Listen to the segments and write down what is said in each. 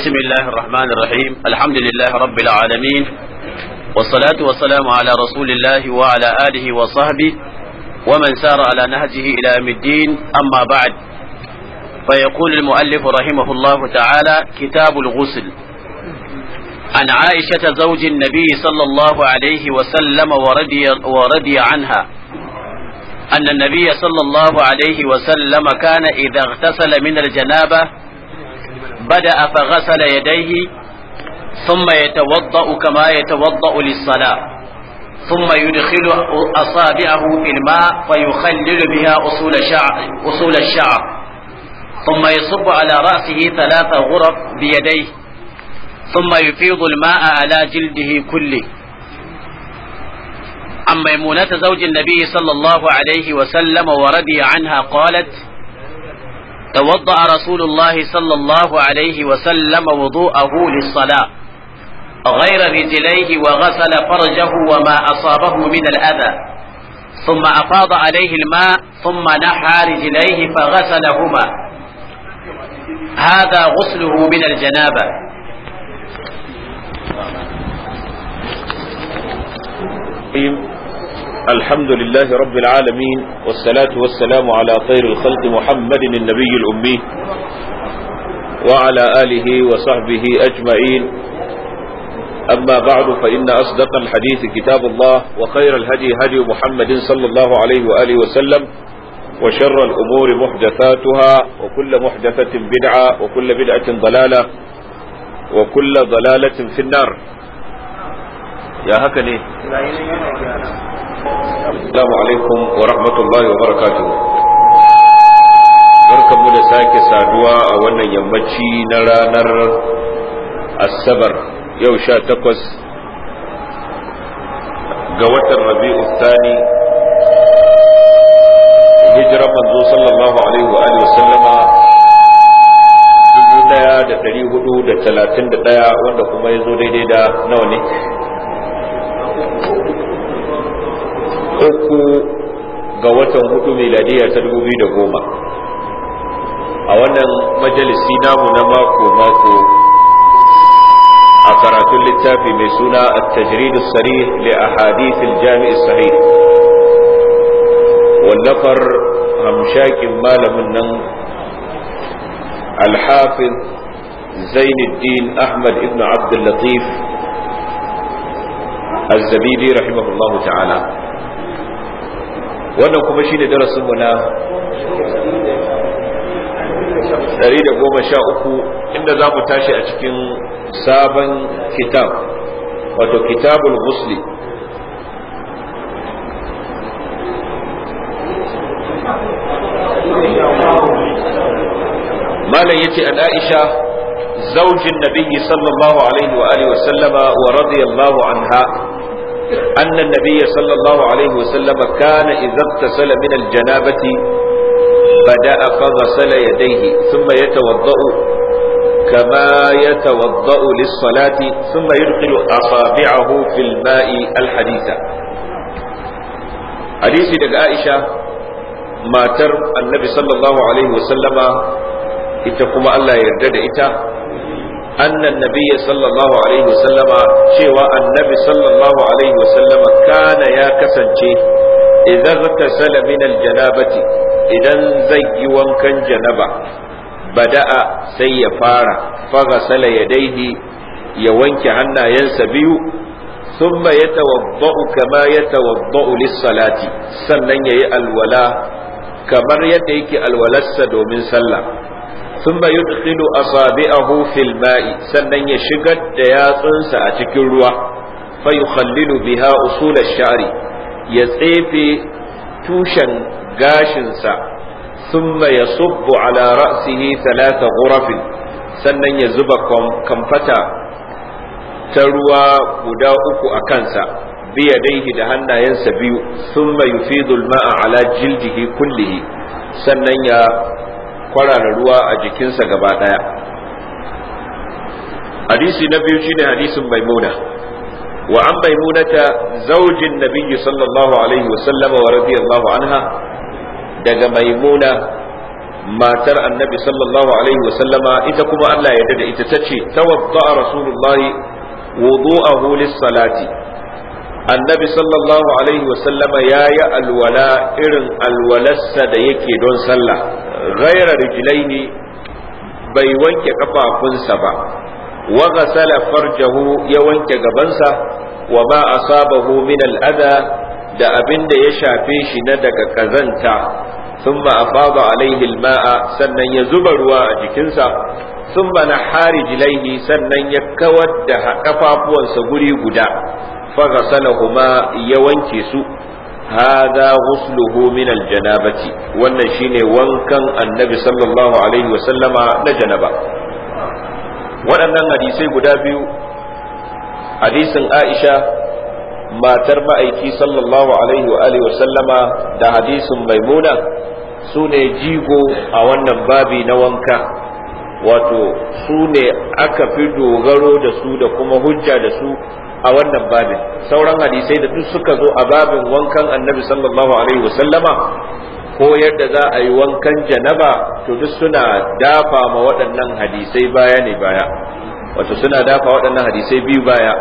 بسم الله الرحمن الرحيم الحمد لله رب العالمين والصلاة والسلام على رسول الله وعلى آله وصحبه ومن سار على نهجه إلى أم الدين أما بعد فيقول المؤلف رحمه الله تعالى كتاب الغسل عن عائشة زوج النبي صلى الله عليه وسلم ورضي, ورضي عنها أن النبي صلى الله عليه وسلم كان إذا اغتسل من الجنابة بدا فغسل يديه ثم يتوضا كما يتوضا للصلاه ثم يدخل أصابعه في الماء فيخلل بها أصول الشعر, أصول الشعر ثم يصب على رأسه ثلاث غرف بيديه ثم يفيض الماء على جلده كله عن ميمونة زوج النبي صلى الله عليه وسلم ورضي عنها قالت توضأ رسول الله صلى الله عليه وسلم وضوءه للصلاة غير رجليه وغسل فرجه وما أصابه من الأذى ثم أفاض عليه الماء ثم نحى رجليه فغسلهما هذا غسله من الجنابة طيب. الحمد لله رب العالمين والصلاة والسلام على خير الخلق محمد النبي الأمي وعلى آله وصحبه أجمعين أما بعد فإن أصدق الحديث كتاب الله وخير الهدي هدي محمد صلى الله عليه وآله وسلم وشر الأمور محدثاتها وكل محدثة بدعة وكل بدعة ضلالة وكل ضلالة في النار يا هكني Assalamu alaikum wa rahmatullahi wa Barkanmu da sake saduwa a wannan yammaci na ranar Asabar yau sha takwas ga watan Rabi'u Thani hijirar manzo sallallahu alaihi wa alihi wasallama dubu daya da dari hudu da talatin da daya wanda kuma ya zo daidai da nawa ne uku ga watan hudu miladiya ta dubu biyu da goma a wannan majalisi namu na mako-mako a karatun littafi mai suna a tajridu sari li a hadithin jami'in sahih wallafar hamshakin malamin nan alhafiz zainuddin ahmad ibnu abdul latif الزبيدي رحمه الله تعالى wannan kuma shine darasin mu na 113 inda za mu tashi a cikin sabon kitab wato kitabul musli malam yace an aisha zaujin nabiyyi sallallahu alaihi wa alihi wa sallama wa radiyallahu anha annan nabiyya sallallahu alaihi wasallam kana idza tasala min aljanabati bada'a fa ghasala yadayhi thumma yatawadda'u kama yatawadda'u lis-salati thumma yudkhilu asabi'ahu fil ma'i al-haditha hadisi daga Aisha matar annabi sallallahu alaihi wasallama ita kuma Allah ya yarda da ita أن النبي صلى الله عليه وسلم شوى النبي صلى الله عليه وسلم كان يا كسنشي إذا اغتسل من الجنابة إذا زي وانكن جنبا بدأ سيفار فغسل يديه يوانك عنا ينسبي ثم يتوضأ كما يتوضأ للصلاة سنن يأي الولاء كمر يديك الولسة من سلم thumma yudkhilu a fil ma'i sannan ya shigar da yatsunsa a cikin ruwa fa yukhallilu biha usul shari ya tsefe tushen gashinsa ya subbu ala ra'sihi thalatha ghurafin sannan ya zuba kamfata ta ruwa guda uku a kansa biya daihi da hannayensa biyu thumma yufidu al-ma'a ala jildihi kullihi sannan ya kwarara ruwa a jikinsa gaba ɗaya hadisi na biyu shine hadisin maimuna wa an maimunata zaujin nabiyyi sallallahu alaihi wa sallama wa radiyallahu anha daga maimuna matar annabi sallallahu alaihi wa sallama ita kuma Allah ya da ita tace tawadda rasulullahi wudu'ahu lis-salati annabi sallallahu alaihi wasallama ya yi alwala irin alwalarsa da yake don sallah ghaira rijlaini bai wanke kafafunsa ba wa ghasala farjahu ya wanke gabansa wa a asabahu min al'ada da abin da ya shafe shi na daga kazanta zuba ruwa a jikinsa, sun bana hari ثم sannan ya kawar da kafafuwansa guri guda. fa ghasalahuma ya wanke su hadha ghusluhu min aljanabati wannan shine wankan annabi sallallahu alaihi wa sallama na janaba waɗannan hadisai guda biyu hadisin Aisha matar ma'aiki sallallahu alaihi wa sallama da hadisin Maimuna sune jigo a wannan babi na wanka wato su ne aka fi dogaro da su da kuma hujja da su a wannan babin sauran hadisai da duk suka zo a babin wankan annabi sallallahu alaihi wasallama ko yadda za a yi wankan janaba to duk suna dafa ma waɗannan hadisai baya ne baya wato suna dafa waɗannan hadisai biyu baya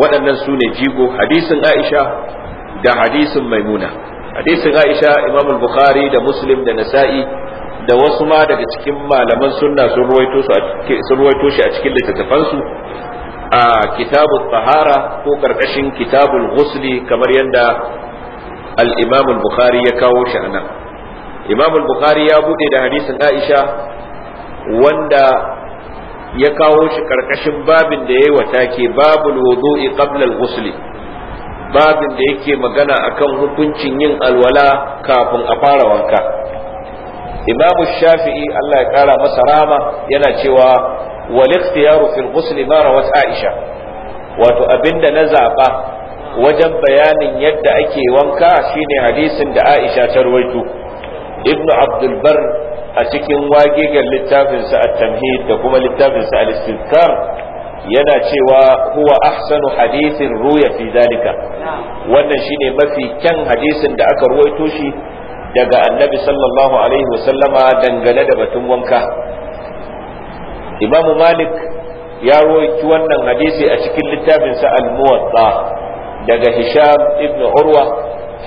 waɗannan su ne jigo hadisin aisha da hadisin maimuna hadisin aisha imam bukhari da muslim da nasa'i da wasu ma daga cikin malaman sunna sun ruwaito shi a cikin littattafansu a kitabul tahara ko karkashin kitabul ghusli kamar yadda al-imam al-bukhari ya kawo shi anan imam bukhari ya bude da hadisin aisha wanda ya kawo shi karkashin babin da yayi ke babul wudu'i qabla al-ghusli babin da yake magana akan hukuncin yin alwala kafin a fara wanka imamu shafi'i Allah ya kara masa rama yana cewa wal ikhtiyaru fil ghusl ma rawat aisha wato abinda na zaba wajen bayanin yadda ake wanka shine hadisin da aisha ta rawaito ibnu abdul bar a cikin wagigar littafinsa at-tamhid da kuma littafinsa al-istizkar yana cewa huwa ahsanu hadisin ruya fi zalika wannan shine mafi kyan hadisin da aka ruwaito shi daga annabi sallallahu alaihi wasallama dangane da batun wanka imamu malik ya roki wannan hadisi a cikin littafinsa al-muwatta daga hisham ibn urwa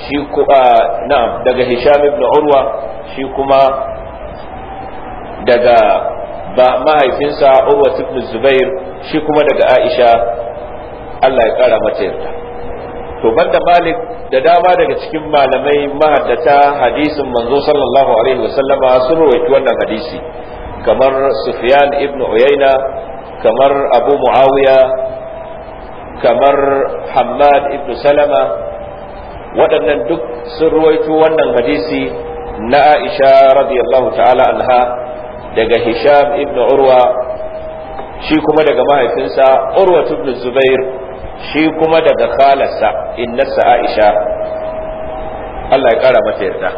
shi kuma na'am daga hisham ibn urwa shi kuma daga ba mahaifinsa urwa ibn zubair shi kuma daga aisha Allah ya kara mata yarda to banda malik da dama daga cikin malamai mahaddata hadisin manzo sallallahu alaihi wasallama sun rawaito wannan hadisi kamar sufyan ibn uyayna kamar abu muawiya kamar hammad ibn salama waɗannan duk sun rawaito wannan hadisi na aisha radiyallahu ta'ala anha daga hisham ibn urwa shi kuma daga mahaifinsa urwa ibn zubair shi kuma daga khalarsa innarsa aisha Allah ya kara mata yarda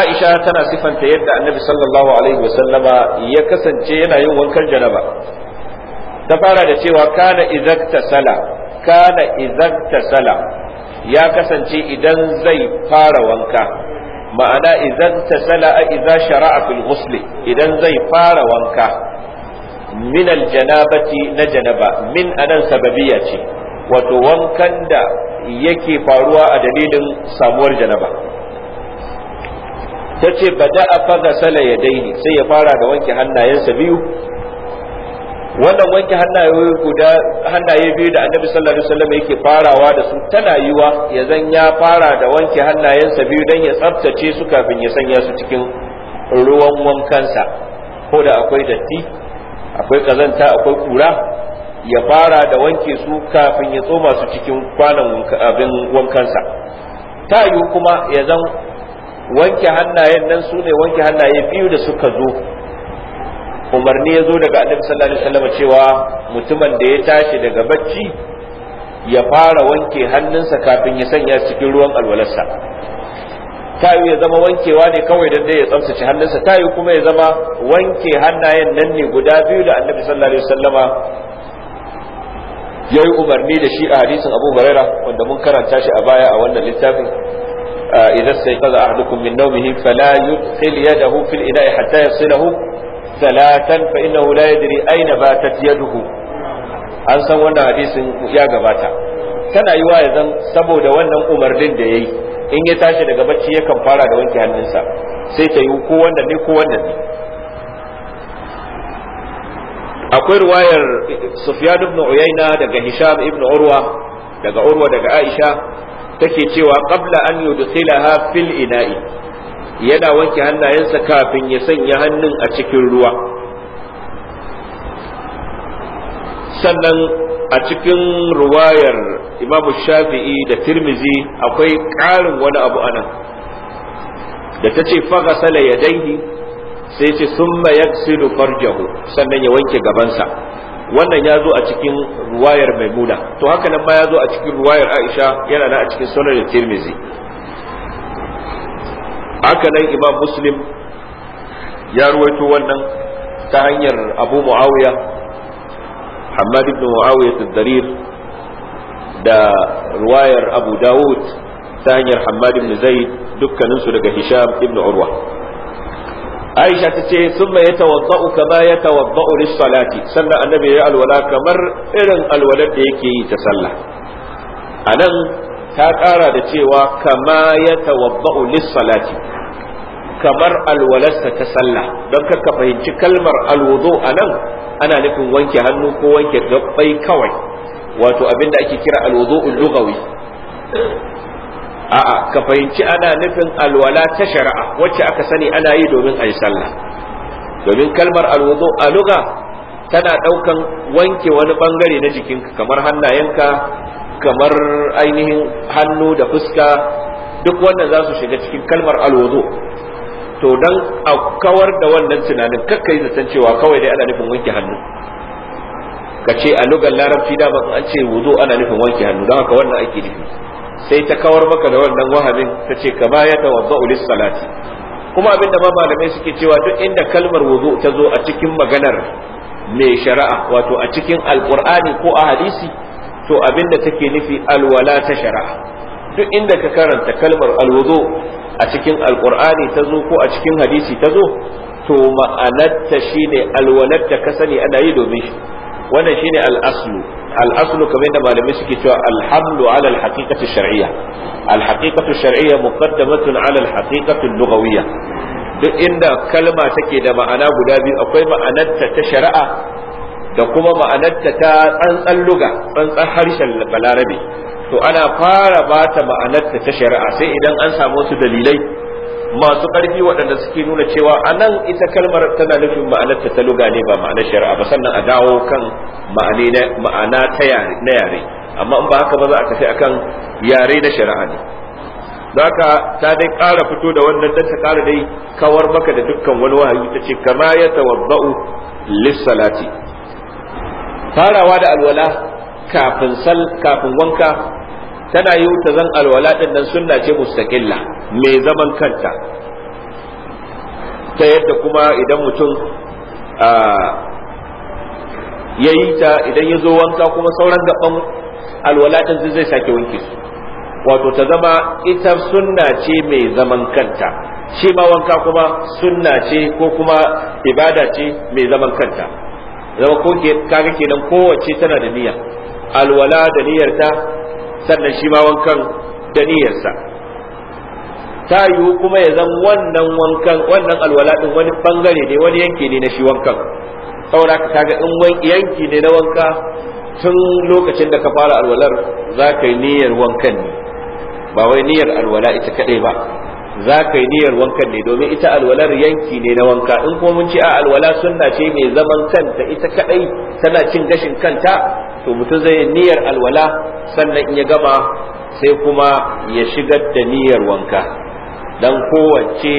aisha tana sifanta yadda annabi sallallahu alaihi wasallama ya kasance yana yin wankan janaba ta fara da cewa kana idan sala kana sala ya kasance idan zai fara wanka ma'ana izakta sala a iza shara'a fil ghusli idan zai fara wanka min aljanabati na janaba min anan sababiyya ce wato wankan da yake faruwa a dalilin samuwar janaba ta ce ba da a faga ya daini sai ya fara da wanke hannayensa biyu wannan wanke hannaye guda hannaye biyu da annabi sallallahu alaihi wasallam yake farawa da su tana yiwa ya zan ya fara da wanke hannayensa biyu dan ya tsaftace su kafin ya sanya su cikin ruwan wankansa ko da akwai datti akwai kazanta akwai kura ya fara da wanke su kafin ya tsoma su cikin kwanan abin wankansa ta yiwu kuma ya zan wanke hannayen nan su ne wanke hannaye biyu da suka zo umarni ya zo daga annabi sallallahu alaihi wasallam cewa mutumin da ya tashi daga bacci ya fara wanke hannunsa kafin ya sanya cikin ruwan alwalarsa Tayu ya zama wankewa ne kawai don dai ya tsamsace hannunsa tayu kuma ya zama wanke hannayen nan ne guda biyu da annabi sallallahu alaihi wasallama ya yi umarni da shi a hadisin abu huraira wanda mun karanta shi a baya a wannan littafin Idan sai إذا استيقظ min من fala yudkhil yadahu fil في hatta حتى salatan fa innahu la yadri Aina, Batat, Yaduhu. an san wannan hadisin ya gabata tana yi wa yanzu saboda wannan umarnin da ya yi in ya tashi daga bacci yakan fara da wanke hannunsa sai ta yi ko wanda ne ko wanda ne akwai ruwayar Sufyan ibn Uyayna daga Hisham ibn Urwa daga Urwa daga Aisha take cewa qabla an yudkhilaha fil ina'i yana wanke hannayensa kafin ya sanya hannun a cikin ruwa sannan a cikin ruwayar imamu shafi'i da tirmizi akwai ƙarin wani abu anan da ta ce faga fagasala ya dangi sai ce mayar yaksilu farjahu sannan ya wanke gabansa wannan ya zo a cikin ruwayar maimuna to haka nan ma ya zo a cikin ruwayar aisha yana na a cikin sunan da tirmizi haka nan imam muslim ya ruwaito wannan ta hanyar abu muawiya hamad ibn muawiyah ad da ruwayar abu dawud ta hanyar hamad ibn zaid dukkaninsu daga hisham ibn urwa aisha ta ce sun ya yata wadda'u kama ya tawadda'u lissalati sannan annabi ya alwala kamar irin alwalar da yake yi ta sallah Anan ta ƙara da cewa kama ya tawadda'u lissalati kamar alwalarsa ta sallah don ka fahimci kalmar alwudu a nan ana nufin wanke hannu ko wanke gabbai kawai wato abin da ake kira alwudu'ul lugawi a'a ka fahimci ana nufin alwala ta shari'a wacce aka sani ana yi domin a yi sallah domin kalmar alwudu a luga tana ɗaukan wanke wani bangare na jikinka kamar hannayenka kamar ainihin hannu da fuska duk wannan za su shiga cikin kalmar alwudu to dan a kawar da wannan tunanin kakka yi zaton cewa kawai dai ana nufin wanke hannu ka ce a lugar larabci da an ce wuzo ana nufin wanke hannu don haka wannan ake nufi sai ta kawar maka da wannan wahamin ta ce ka baya ta wanzu ulis salati kuma abinda ma malamai suke cewa duk inda kalmar wuzo ta zo a cikin maganar mai shari'a wato a cikin alkur'ani ko a hadisi to abinda take nufi alwala ta shari'a duk inda ka karanta kalmar alwudu a cikin alqur'ani ta zo ko a cikin hadisi ta zo to ma'anarta shine alwalatta ka sani ana yi domin shi wannan shine alaslu al'aslu. al-aslu kamar yadda malamai suke cewa alhamdu ala al-haqiqati shar'iyya al-haqiqatu shar'iyya muqaddamatun ala al lughawiyya duk inda kalma take da ma'ana guda biyu akwai ma'anarta ta shari'a da kuma ma'anarta ta tsantsan luga tsantsan harshen balarabe to ana fara bata ma'anarta ta shari'a sai idan an samu wasu dalilai masu ƙarfi waɗanda suke nuna cewa a nan ita kalmar tana nufin ma'anarta ta luga ne ba ma'anar shari'a ba sannan a dawo kan ma'ana na yare amma in ba haka ba za a tafi akan yare na shari'a ne haka ta dai ƙara fito da wannan dan ta ƙara dai kawar maka da dukkan wani wahayi ta ce kama ya tawabba'u lissalati farawa da alwala kafin sal kafin wanka tana yi ta zan alwala din nan sunna ce mustaqilla mai zaman kanta ta yadda kuma idan mutum ya yi ta idan ya zo wanka kuma sauran gaban alwala din zai sake wanke su wato ta zama ita sunna ce mai zaman kanta shi ma wanka kuma sunna ce ko kuma ibada ce mai zaman kanta zama ko kaga kenan kowace tana da niyya alwala da niyyarta sannan shi ma wankan da niyyarsa ta yiwu kuma ya zan wannan wankan wannan alwala din wani bangare ne wani yanki ne na shi wankan saboda ka kaga in yanki ne na wanka tun lokacin da ka fara alwalar za ka yi niyyar wankan ne ba wai niyyar alwala ita kadai ba za ka yi niyyar wankan ne domin ita alwalar yanki ne na wanka in ko mun ce a alwala sunna ce mai zaman kanta ita kadai tana cin gashin kanta to mutum zai niyyar alwala sannan in ya gama sai kuma ya shigar da niyyar wanka dan kowace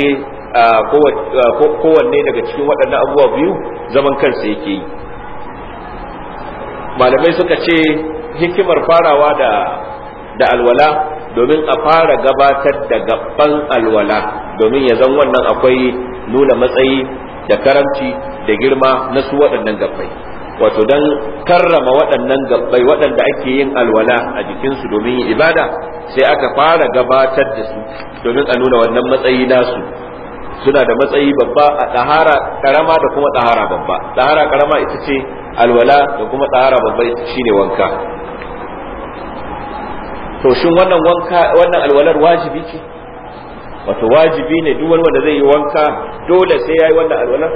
kowanne daga cikin waɗannan abubuwa biyu zaman kansa yake yi malamai suka ce hikimar farawa da da alwala domin a fara gabatar da gaban alwala domin ya zan wannan akwai nuna matsayi da karamci da girma na su waɗannan gabbai wato dan karrama waɗannan gabbai waɗanda ake yin alwala a jikinsu domin yin ibada sai aka fara gabatar da su domin a nuna wannan matsayi nasu suna da matsayi babba a ɗahara karama da kuma ɗahara babba ɗahara karama ita ce alwala da kuma ɗahara babba shine wanka to shin wannan wanka wannan alwalar wajibi ce wato wajibi ne duk wanda zai yi wanka dole sai yayi wannan alwalar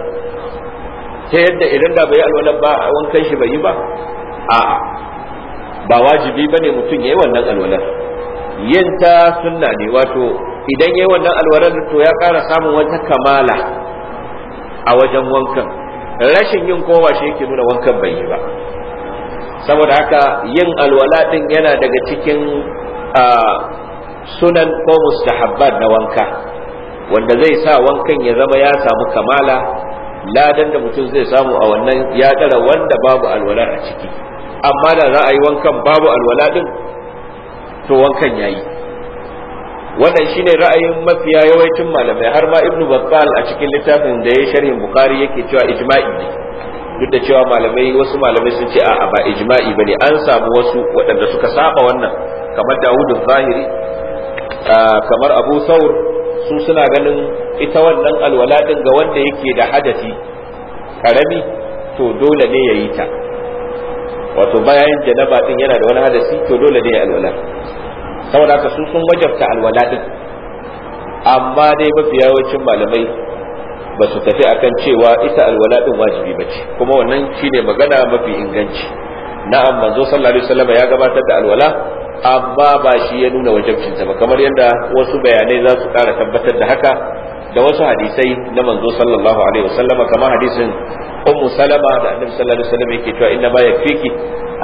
ta yadda idan da bai alwala ba a wankan shi bai yi ba a'a ba wajibi bane mutum yi wannan alwalar yin ta sunna ne wato idan yi wannan alwalar to ya ƙara samun wata kamala a wajen wankan rashin yin kowa shi yake nuna wankan bai yi ba saboda haka yin alwala din yana daga cikin sunan ko mustahabbat na wanka wanda zai sa wankan ya zama ya samu kamala ladan da mutum zai samu a wannan ya dara wanda babu alwala a ciki amma da za a yi wankan babu alwala din to wankan yayi wannan shine ra'ayin mafiya yawancin malamai har ma ibnu battal a cikin littafin da ya sharhin bukhari yake cewa ijma'i ne duk da cewa malamai wasu malamai sun ce a'a ba ijma'i bane an samu wasu waɗanda suka saba wannan kamar dawudu zahiri ah, kamar abu saur su suna ganin ita wannan alwala din ga wanda yake da hadasi karami to dole ne ya yi ta wato bayan janaba din yana da wani hadasi to dole ne ya alwala saboda haka su sun wajabta alwala amma dai mafi yawancin malamai ba su tafi akan cewa ita alwala din wajibi ba ce kuma wannan shine magana mafi inganci na'am manzo sallallahu alaihi wasallam ya gabatar da alwala amma ba shi ya nuna wajabcinsa ba kamar yadda wasu bayanai za su ƙara tabbatar da haka da wasu hadisai na manzo sallallahu alaihi wasallama kama hadisin ummu salama da annabi sallallahu alaihi wasallam yake cewa inna ma yakfiki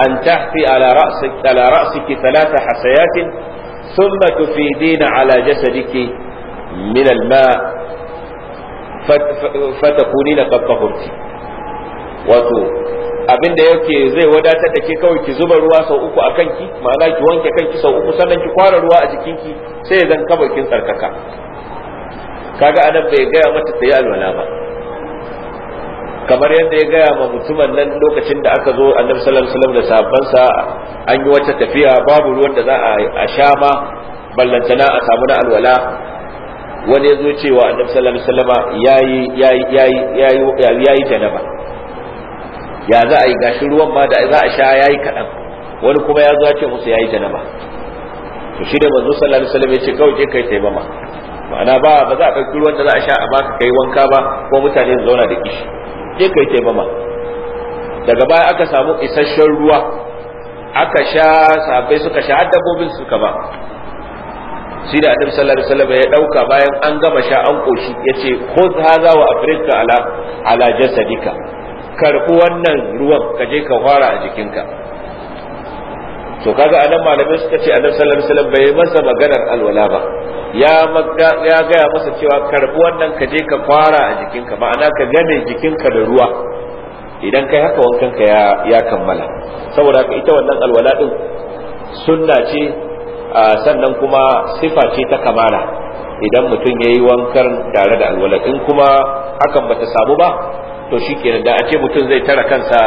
an tahfi ala ra'sik ala ra'siki thalatha hasayatin thumma tufidina ala jasadiki min al-ma fatakunina qad tahurti wato abinda yake zai wadatar da ke kawai ki zuba ruwa sau uku a kanki ma'ana ki wanke kanki sau uku sannan ki kwara ruwa a jikinki sai zan kawai kin tsarkaka kaga anan bai gaya mata ta yi alwala ba kamar yadda ya gaya ma mutumin nan lokacin da aka zo annabi sallallahu alaihi wasallam da sahabbansa an yi wata tafiya babu ruwan da za a sha ma ballantana a samu na alwala wani ya zo cewa annabi sallallahu alaihi wasallam yayi yayi yayi yayi yayi janaba ya za a yi gashi ruwan ma da za a sha yayi kadan wani kuma ya zo ya ce musu yayi janaba to shi da manzo sallallahu alaihi wasallam ya ce kawai je kai taimama ma'ana ba ba za a ɗauki ruwan da za a sha a baka kai wanka ba ko mutane su zauna da kishi ke kai taimama daga baya aka samu isasshen ruwa aka sha sabai suka sha har dabbobin suka ba shi da annabi sallallahu alaihi wasallam ya dauka bayan an gama sha an koshi yace khudh hadha wa afrika ala ala jasadika karbi wannan ruwan ka je ka fara a jikinka to kaga anan malamai suka ce annabi sallallahu alaihi wasallam bai masa maganar alwala ba ya ya gaya masa cewa karbi wannan ka je ka fara a jikinka ma'ana ka gane jikinka da ruwa idan kai haka wankan ya ya kammala saboda haka ita wannan alwala din sunna ce sannan kuma sifa ce ta kamala idan mutum yayi wankan tare da alwala in kuma hakan bata samu ba to shikenan da a ce mutum zai tara kansa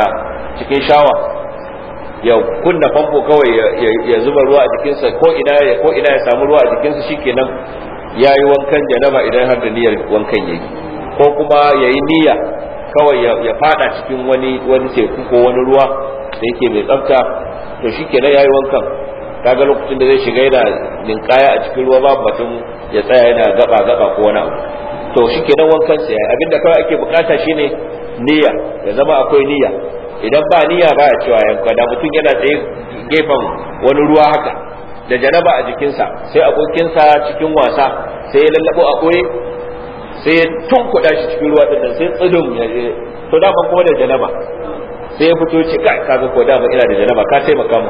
cikin shawa ya kunna famfo kawai ya zuba ruwa a jikinsa ko ina ya ko ina ya samu ruwa a jikinsa shikenan yayi wankan janaba idan har da niyyar wankan yayi ko kuma yayi niyya kawai ya fada cikin wani wani teku ko wani ruwa da yake mai tsafta to shikenan yayi wankan kaga lokacin da zai shiga yana ninkaya a cikin ruwa babu batun ya tsaya yana gaba gaba ko wani abu to shikenan wankan sai abinda kawai ake bukata shine niyya ya zama akwai niyya idan ba niyya ba a cewa yanka da mutum yana tsaye gefen wani ruwa haka da janaba a jikinsa sai abokinsa cikin wasa sai ya lallabo a koye sai ya tunkuɗa shi cikin ruwa ɗin sai tsidin ya je to da kuma da janaba sai ya fito ce kai kaga ko da ina da janaba ka taimaka mu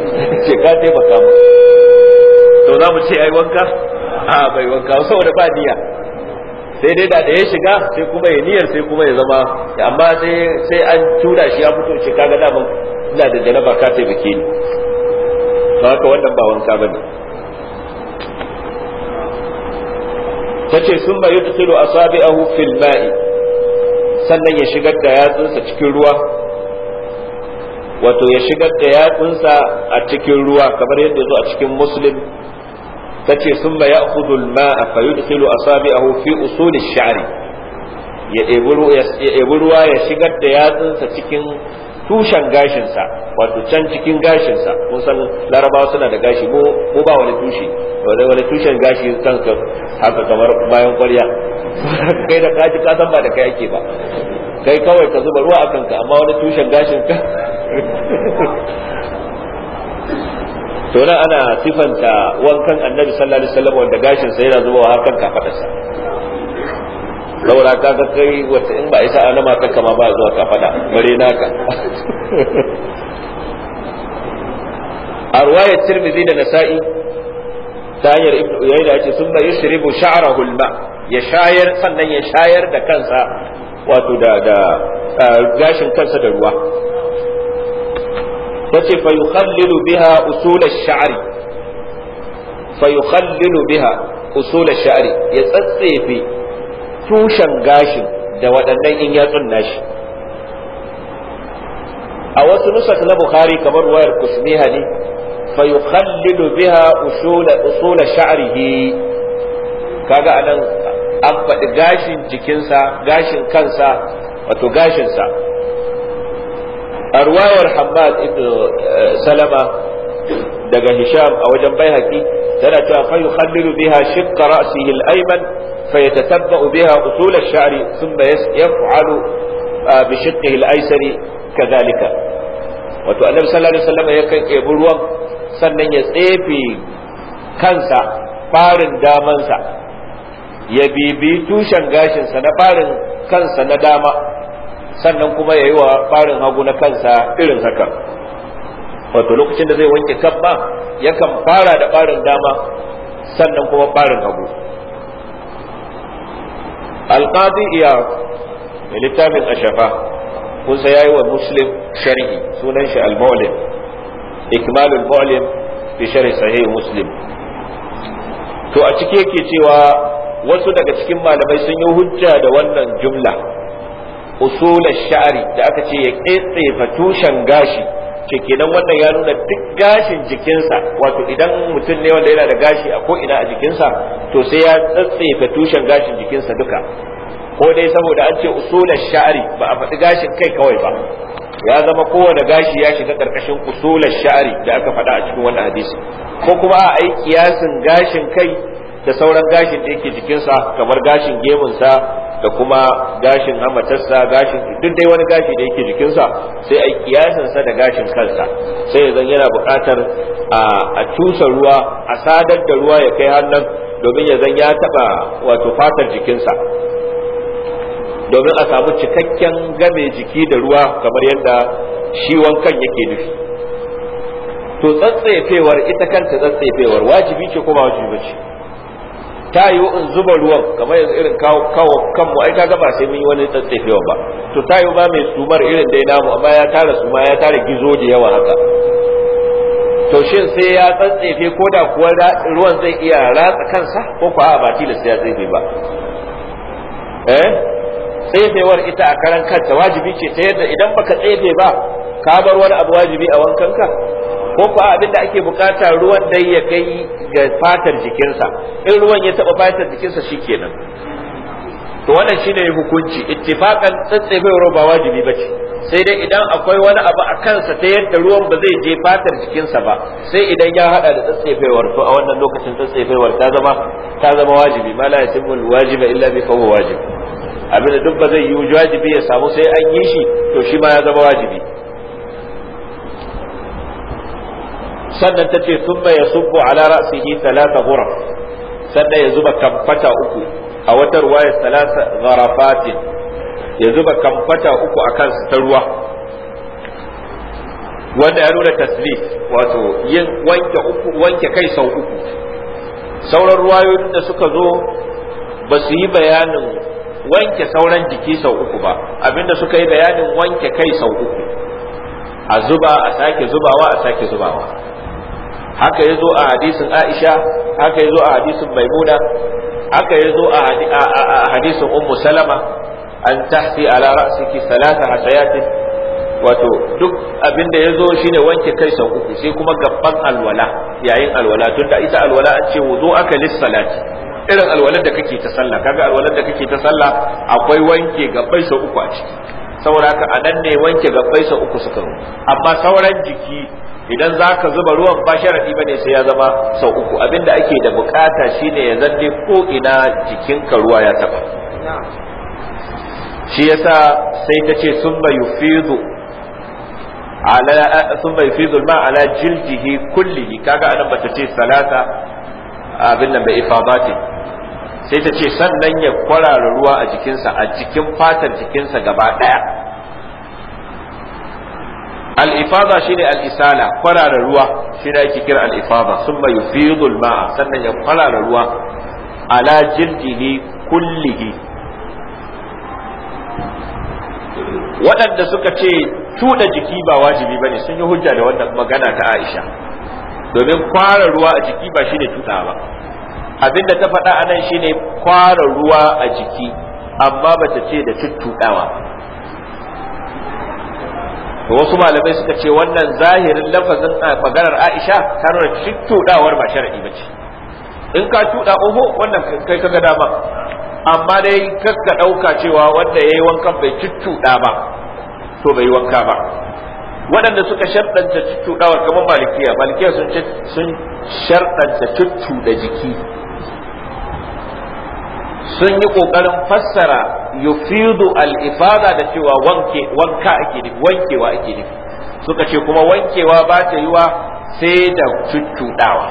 ce ka taimaka mu to za mu ce ai wanka a bai wanka saboda ba niyya sai dai da ya shiga sai kuma ya niyyar sai kuma ya zama amma sai an tura shi ya fito shi kaga daman ina da janaba ka taimake ni to haka wannan ba wanka bane tace sun ba yudkhilu asabi'ahu fil ma'i sannan ya shigar da yatsunsa cikin ruwa wato ya shigar da yatsunsa a cikin ruwa kamar yadda ya zo a cikin muslim tace summa ya'khudhu al-ma'a fa yudkhilu asabi'ahu fi usul ash-sha'ri ya ebi ruwa ya shigar da yatsunsa cikin tushen gashinsa wato can cikin gashinsa mun san larabawa suna da gashi mu ba wani tushe wani tushen gashi ka haka kamar bayan kwarya kai da kaji ka san ba da kai ake ba kai kawai ka zuba ruwa a kanka amma wani tushen gashin ka to nan ana sifanta wankan annabi sallallahu alaihi wasallam wanda gashin sa yana zuwa har kan kafadarsa saboda ka ga kai wata in ba isa alama kan kama ba zuwa kafada bare naka a tirmidhi da nasa'i ta hanyar ibnu uyayda yace summa yushribu sha'rahu al-ma ya shayar sannan ya shayar da kansa wato da da gashin kansa da ruwa tace fa yukhallilu biha usul ash-sha'r fa yukhallilu biha usul ash ya tsatsefe tushen gashin da waɗannan in yatsun a wasu nusak na bukhari kamar wayar kusmiha ne fa yukhallilu biha usul usul sha'rihi kaga anan an faɗi gashin jikinsa gashin kansa wato gashinsa a Hamad ibn eh, Salama daga Hisham a wajen Baihaqi tana cewa fa yukhallilu biha shiqqa ra'sihi al-ayman fa yatatabba'u biha usul ash-sha'ri thumma yaf'alu ah, bi shiqqihi al-aysari kadhalika wato annabi sallallahu alaihi wasallam ya kai ruwan sannan ya tsefe kansa farin damansa ya bibi tushen gashinsa na farin kansa na dama sannan kuma ya yi wa ɓarin hagu na kansa irin haka wato lokacin da zai wanke kabba yakan fara da ɓarin dama sannan kuma ɓarin hagu alƙadi iya mai littafin ashafa kusa ya yi wa muslim shari'i sunan shi al maulim ikmalul maulim fi sharhi sahih muslim to a ciki yake cewa wasu daga cikin malamai sun yi hujja da wannan jumla usulan sha'ari da aka ce ya ƙetsefa tushen gashi ce kenan wannan ya nuna duk gashin jikinsa wato idan mutum ne wanda yana da gashi a ko'ina a jikinsa to sai ya tsatsefa tushen gashin jikinsa duka ko dai saboda an ce usulan sha'ari ba a faɗi gashin kai kawai ba ya zama kowane gashi ya shiga ƙarƙashin usulan sha'ari da aka faɗa a cikin wannan hadisi ko kuma a yi kiyasin gashin kai da sauran gashin da yake jikinsa kamar gashin gemunsa da kuma gashin hamatarsa gashin duk dai wani gashi da yake jikinsa sai a kiyasin da gashin kansa sai ya zan yana buƙatar a cusa ruwa a sadar da ruwa ya kai hannun domin ya zan ya taba wato fatar jikinsa domin a samu cikakken game jiki da ruwa kamar yadda shi wankan yake nufi to tsatsefewar ita kanta tsatsefewar wajibi ce kuma wajibi ce ta yiwu in zuba ruwan kamar yanzu irin kawo kanmu ai ta gaba sai mun yi wani tsatsefewa ba to ta yiwu ba mai sumar irin dai namu amma ya tara suma ya tara gizo da yawa haka to shin sai ya tsantsefe ko da kuwa ruwan zai iya ratsa kansa ko kuwa ba sai ya tsefe ba eh tsefewar ita a karan kanta wajibi ce ta yadda idan baka tsefe ba ka bar wani abu wajibi a wankan ka. ko fa abin da ake bukata ruwan dai ya kai ga fatar jikinsa in ruwan ya taba fatar jikinsa shikenan to wannan shine hukunci ittifaqan bai ba wajibi bace sai dai idan akwai wani abu a kansa ta yadda ruwan ba zai je fatar jikinsa ba sai idan ya hada da tsatsefewar to a wannan lokacin tsatsefewar ta zama ta zama wajibi ma la yatimul wajiba illa bi fahu wajib abin da duk ba zai yi wajibi ya samu sai an yi shi to shi ma ya zama wajibi sannan ta ce sun ya subbu ala ra'sihi talata ghuraf sannan ya zuba kamfata uku a wata ya talata gharafatin ya zuba kamfata uku a kan ta ruwa wanda ya nuna taslis wato yin wanke uku wanke kai sau uku sauran ruwayoyin da suka zo ba su yi bayanin wanke sauran jiki sau uku ba abinda suka yi bayanin wanke kai sau uku a zuba a sake zubawa a sake zubawa haka ya zo a hadisin aisha haka ya zo a hadisin maimuna haka ya zo a hadisin ummu salama an tahti ala ra'siki salata hasayatin wato duk abin da ya zo shine wanke kai sau uku sai kuma gaban alwala yayin alwala tun da ita alwala an ce wuzo aka lissalati irin alwalar da kake ta sallah kaga alwalar da kake ta sallah akwai wanke gaban sau uku a ciki saboda haka anan ne wanke gaban sau uku suka amma sauran jiki idan za ka zuba ruwan ba sharaɗi ba ne sai ya zama sau uku abinda ake da bukata shine ya zanne ko ina jikinka ruwa ya taɓa shi yasa sai ta ce sun bai yufidu ala sun bai yufidu ma ala jiljihi kulli kaga anan bata ce salata abin nan bai ifadati sai ta ce sannan ya kwarara ruwa a jikinsa a jikin fatar jikinsa gaba ɗaya. al-ifada shine al-isala kwarara ruwa shine ake kira al-ifada thumma yufidu maa sannan ya kwarara ruwa ala jildihi kullihi waɗanda suka ce tuɗa jiki ba wajibi bane sun yi hujja da wannan magana ta Aisha domin kwara ruwa a jiki ba shine tuɗa ba abinda ta faɗa anan shine kwara ruwa a jiki amma bata ce da tuttuɗawa to wasu malamai suka ce wannan zahirin lafazin maganar Aisha ta nuna tudawar ba shar'i ce in ka tuda oho wannan kai kaga dama amma dai kakka ɗauka cewa wanda ya yi wankan bai tuttuda ba to bai wanka ba waɗanda suka sharɗanta tuttudawar kamar malikiya malikiya sun shardanta sharɗanta tuttuda jiki sun yi ƙoƙarin fassara yufidu al-ifada da cewa wanke wanka ake nufi wankewa ake nufi suka ce kuma wankewa ba ta yiwa sai da cuccudawa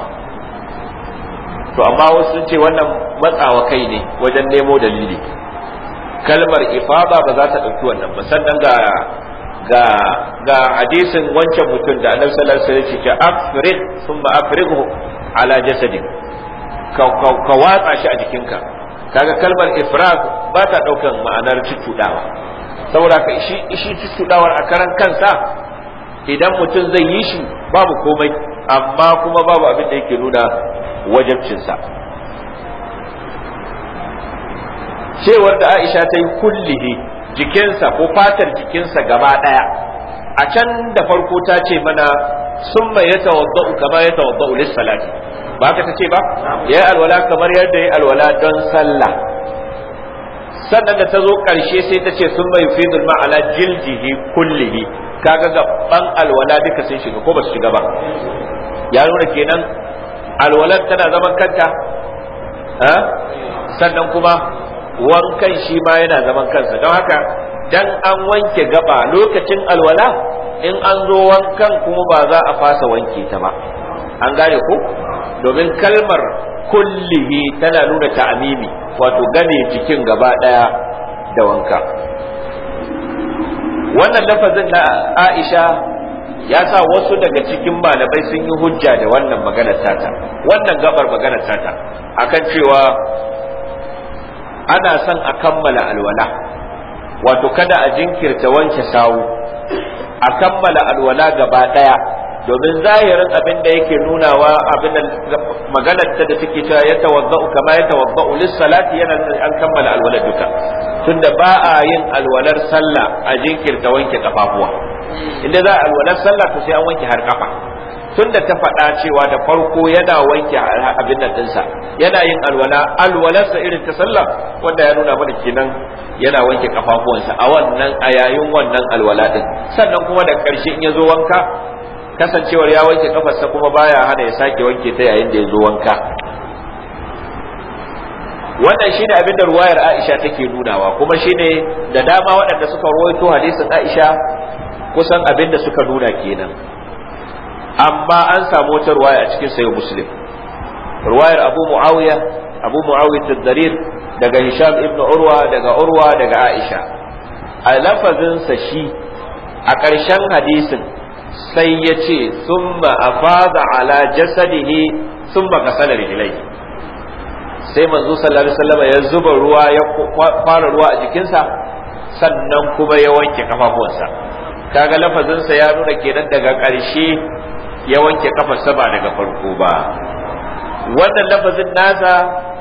to amma wasu sun ce wannan matsawa kai ne wajen nemo dalili kalmar ifada ba za ta ɗauki wannan ba sannan ga ga ga hadisin wancan mutum da annabi sallallahu alaihi wasallam ya ce afrid thumma afriqhu ala jasadik ka watsa shi a jikinka kaga kalmar ifrad ba ta daukan ma'anar cuccudawa saboda ka shi shi a karan kansa idan mutum zai yi shi babu komai amma kuma babu abin da yake nuna sa cewar da Aisha ta yi kullihi jikinsa ko fatar jikinsa gaba daya a can da farko ta ce mana summa yatawaddau kama yatawaddau lis-salati ba ka ce ba yi alwala kamar yadda yi alwala don sallah sannan da ta zo ƙarshe sai ta ce sun bai fidul ma'ala jiljihi kullihi kaga gaban alwala duka sun shiga ko ba su shiga ba ya nuna kenan alwalar tana zaman kanta sannan kuma wankan shi ma yana zaman kansa don haka dan an wanke gaba lokacin alwala in an zo wankan kuma ba za a fasa wanke ta ba an gane ku? domin kalmar kullihi tana nuna ta'mimi wato gane jikin gaba daya da wanka wannan lafazin na Aisha ya sa wasu daga cikin malamai sun yi hujja da wannan maganar tata wannan gabar maganar tata akan cewa ana son a kammala alwala wato kada a jinkirta wanke sawu a kammala alwala gaba daya domin zahirin abin da yake nunawa abin maganar ta da take cewa ya tawazza'u kama ya tawazza'u lis-salati yana an kammala alwala duka tunda ba a yin alwalar sallah a jinkirta wanke kafafuwa inda za a alwalar sallah to sai an wanke har kafa tunda ta faɗa cewa da farko yana wanke abin da ɗinsa yana yin alwala alwalarsa irin ta sallah wanda ya nuna mana kenan yana wanke kafafuwansa a wannan a yayin wannan alwala din sannan kuma da ƙarshe in ya zo wanka kasancewar ya wanke kafarsa kuma baya hana ya sake wanke ta yayin da ya zo wanka wannan shine abin da ruwayar Aisha take nunawa kuma shine da dama waɗanda suka ruwaito hadisin Aisha kusan abin da suka nuna kenan amma an samu wata ruwaya a cikin sayo muslim ruwayar abu muawiya abu muawiya daga hisham ibn urwa daga urwa daga aisha a lafazinsa shi a ƙarshen hadisin sai ya ce summa faza ala jasadihi summa kasala rijlai sai manzo sallallahu alaihi wasallam ya zuba ruwa ya fara ruwa a jikinsa sannan kuma ya wanke kafafuwansa kaga lafazin sa ya nuna kenan daga ƙarshe ya wanke kafarsa ba daga farko ba wannan lafazin nasa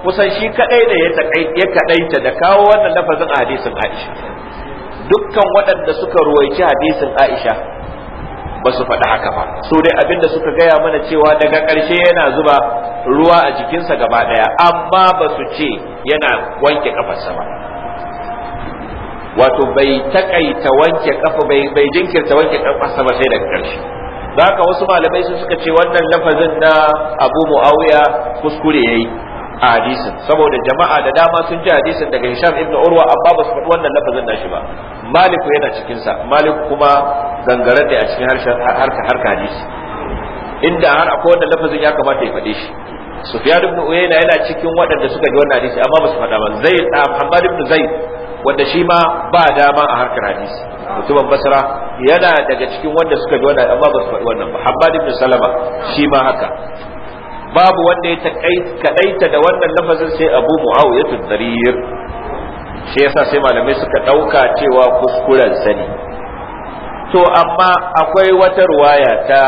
kusan shi kadai da ya kadaita da kawo wannan lafazin a hadisin Aisha dukkan waɗanda suka ruwaici hadisin Aisha ba su faɗi haka ba so dai abinda suka gaya mana cewa daga ƙarshe yana zuba ruwa a jikinsa gaba ɗaya amma ba su ce yana wanke kafarsa ba wato bai takaita wanke kafa bai jinkirta wanke kafarsa ba sai daga ƙarshe da haka wasu malamai sun suka ce wannan lafazin na abu muawiya kuskure yayi a hadisin saboda jama'a da dama sun ji hadisin daga Hisham ibn Urwa amma ba su faɗi wannan lafazin nashi ba Maliku yana cikin sa Malik kuma zangaren da a cikin harka harka hadisi inda har akwai wannan lafazin ya kamata ya faɗe shi Sufyan ibn Uyayna yana cikin waɗanda suka ji wannan hadisi amma ba su faɗa ba Zaid hamad ibn Zaid wanda shi ma ba dama a harkar hadisi mutumin basra yana daga cikin wanda suka bi wannan amma ba su faɗi wannan ba habbad ibn salama shi ma haka babu wanda ya kadaita da wannan lafazin sai abu muawiyatu darir shi yasa sai malamai suka dauka cewa kuskuren sani to amma akwai wata ruwaya ta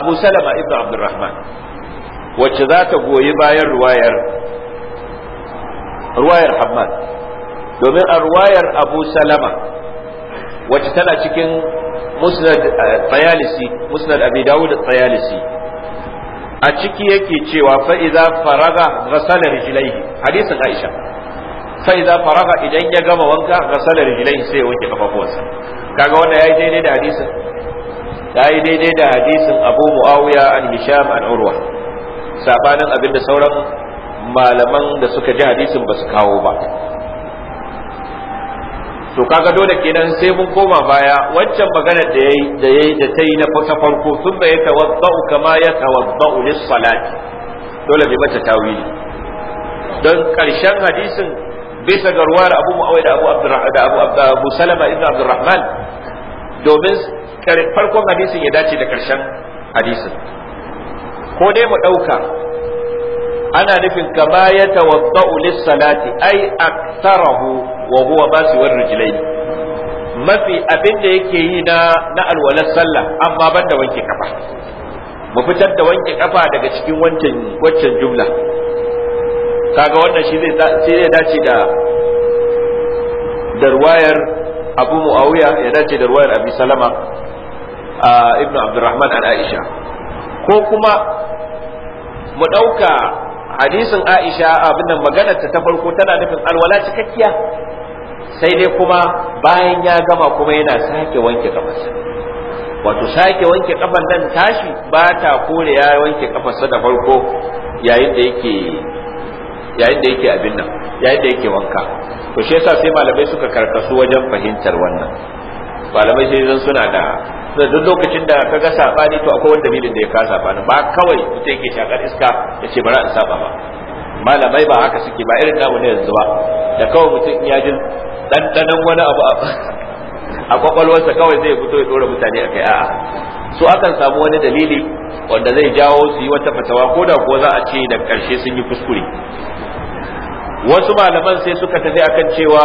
abu salama ibn abdurrahman wacce za ta goyi bayan ruwayar ruwayar Hamad. domin a ruwayar abu salama wacce tana cikin musnad tsayalisi eh, musnad abi dawud tsayalisi a ciki yake cewa fa idza faraga ghasala rijlaihi hadisin aisha fa idza faraga idan ya gama wanka ghasala rijlaihi sai ya wanke kafafuwansa kaga wannan yayi daidai da hadisin yayi daidai da hadisin abu muawiya an hisham an urwa sabanin abinda sauran malaman da suka ji hadisin ba su kawo ba to kaga dole kenan sai mun koma baya waccan maganar da yayi da yayi da ta yi na farko sun bai wadda'u kama ya tawadda'u lis-salati dole bi mata tawili don karshen hadisin bisa ga ruwar Abu Muawiyah da Abu Abdurrahman da Abu Abu Salama ibn Abdurrahman domin farkon hadisin ya dace da karshen hadisin ko dai mu dauka ana nufin kama ya tawadda ulis salati ai aktarahu wa huwa wa rijlain mafi abin da yake yi na na alwalar sallah amma ban da wanke kafa mu fitar da wanke kafa daga cikin wancan jumla kaga wannan shi zai sai ya dace da da ruwayar Abu Muawiya ya dace da ruwayar Abi Salama ibn Abdurrahman al-Aisha ko kuma mu dauka hadisin Aisha abin nan maganar ta ta farko tana nufin alwala cikakkiya sai dai kuma bayan ya gama kuma yana sake wanke kafarsa wato sake wanke kafan nan tashi ba ta kore ya wanke kafarsa da farko yayin da yake yayin da yake abin nan yayin da yake wanka to shi yasa sai malamai suka karkasu wajen fahimtar wannan malamai sai zan suna da da duk lokacin da ka ga sabani to akwai wani dalilin da ya kasa sabani ba kawai mutum yake shakar iska ya ce bara in saba ba malamai ba haka suke ba irin namu ne yanzu ba da kawai mutum ya ji ɗanɗanon wani abu a kwakwalwarsa kawai zai fito ya ɗora mutane a kai a'a so akan samu wani dalili wanda zai jawo su yi wata fatawa ko da ko za a ce da karshe sun yi kuskure wasu malaman sai suka tafi akan cewa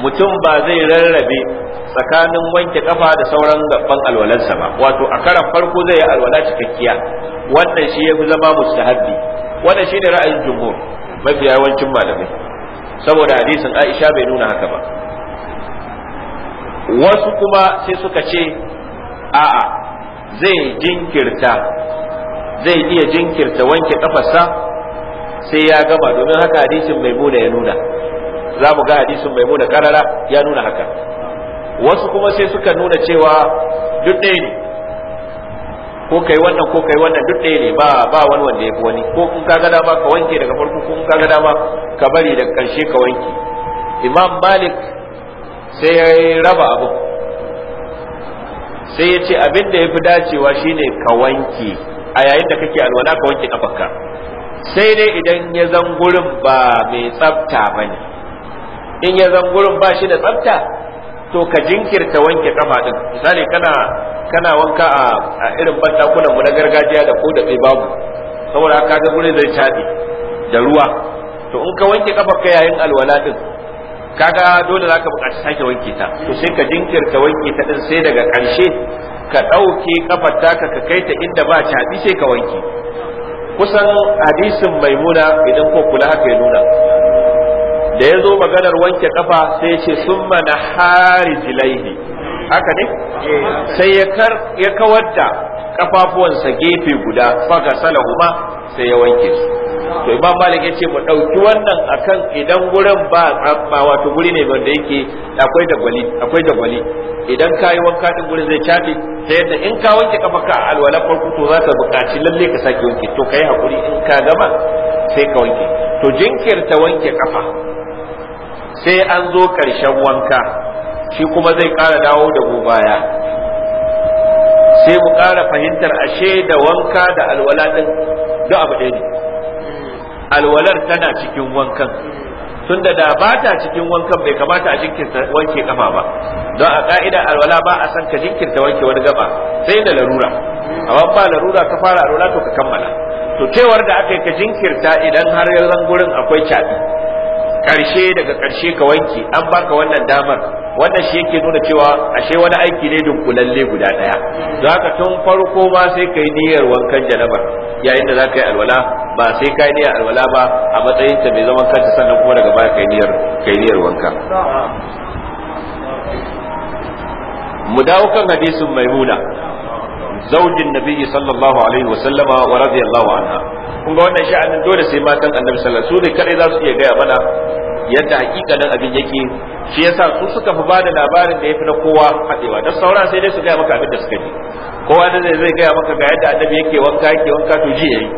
mutum ba zai rarrabe tsakanin wanke kafa da sauran gaban alwalarsa ba wato a karan farko zai yi alwala cikakkiya wannan shi ya fi zama mustahabbi wannan shi ne ra'ayin jumhur mafi yawancin malamai saboda hadisin Aisha bai nuna haka ba wasu kuma sai suka ce a'a zai jinkirta zai iya jinkirta wanke kafarsa sai ya gama domin haka hadisin mai ya nuna za mu ga hadisin muna karara ya nuna haka wasu kuma sai suka nuna cewa duk ɗaya ne ko kai wannan ko kai wannan duk ɗaya ne ba ba wani wanda ya fi wani ko kun ka ga dama ka wanke daga farko ko kun ka dama ka bari daga ƙarshe ka wanke imam malik sai ya raba abu sai ya ce abin da ya fi dacewa shine ka wanke a yayin da kake alwala ka wanke kafarka sai dai idan ya zan gurin ba mai tsafta bane in ya zan gurin ba shi da tsafta to ka jinkirta wanke kafa din misali kana kana wanka a irin bantakunan mu na gargajiya da ko da tsaye babu saboda haka ga gurin zai caɗe da ruwa to in ka wanke kafar ka yayin alwala din kaga dole zaka buƙaci sake wanke ta to sai ka jinkirta wanke ta din sai daga ƙarshe ka ɗauke kafar taka ka kai ta inda ba caɗi sai ka wanke kusan hadisin maimuna idan ko kula haka ya nuna da ya zo maganar wanke kafa sai ya ce summa na harijilaihi haka ne sai ya kawar da kafafuwansa gefe guda faga salahuma sai ya wanke su to imam malik ya ce mu ɗauki wannan akan idan gurin ba ba wato guri ne wanda yake akwai dagwali akwai dagwali idan ka yi wanka din gurin zai cafe sai yadda in ka wanke kafa ka alwala farko to za ka buƙaci lalle ka sake wanke to kai hakuri in ka gama sai ka wanke to jinkirta wanke kafa sai an zo ƙarshen wanka shi kuma zai ƙara dawo da baya sai mu ƙara fahimtar ashe da wanka da alwala ɗin duk abu ɗaya ne alwalar tana cikin wankan tunda da ba ta cikin wankan bai kamata a jinkirta wanke kafa ba don a ka'ida alwala ba a san ka jinkirta wanke wani gaba sai da larura amma ba larura ka fara alwala to ka kammala to cewar da aka yi ka jinkirta idan har yanzu gurin akwai caɗi Karshe daga karshe ka wanke an baka wannan damar wannan shi yake nuna cewa ashe wani aiki ne dunkulalle guda ɗaya za ka tun farko ma sai ka yi niyyar wankan janabar yayin da za ka yi alwala ba sai ka yi niyyar alwala ba a matsayin ta mai zaman kanta sannan kuma daga baya ka yi niyyar ka niyyar wanka mu dawo kan hadisin maimuna zaujin nabiyyi sallallahu alaihi wa sallama wa radiyallahu anha kun ga wannan sha'anin dole sai matan annabi sallallahu alaihi wasallam kadai za su iya gaya mana yadda hakikanin abin yake shi yasa su suka fi bada labarin da yafi na kowa hadewa da saura sai dai su gaya maka abin da suka ji kowa da zai gaya maka ga yadda annabi yake wanka yake wanka to ji yayi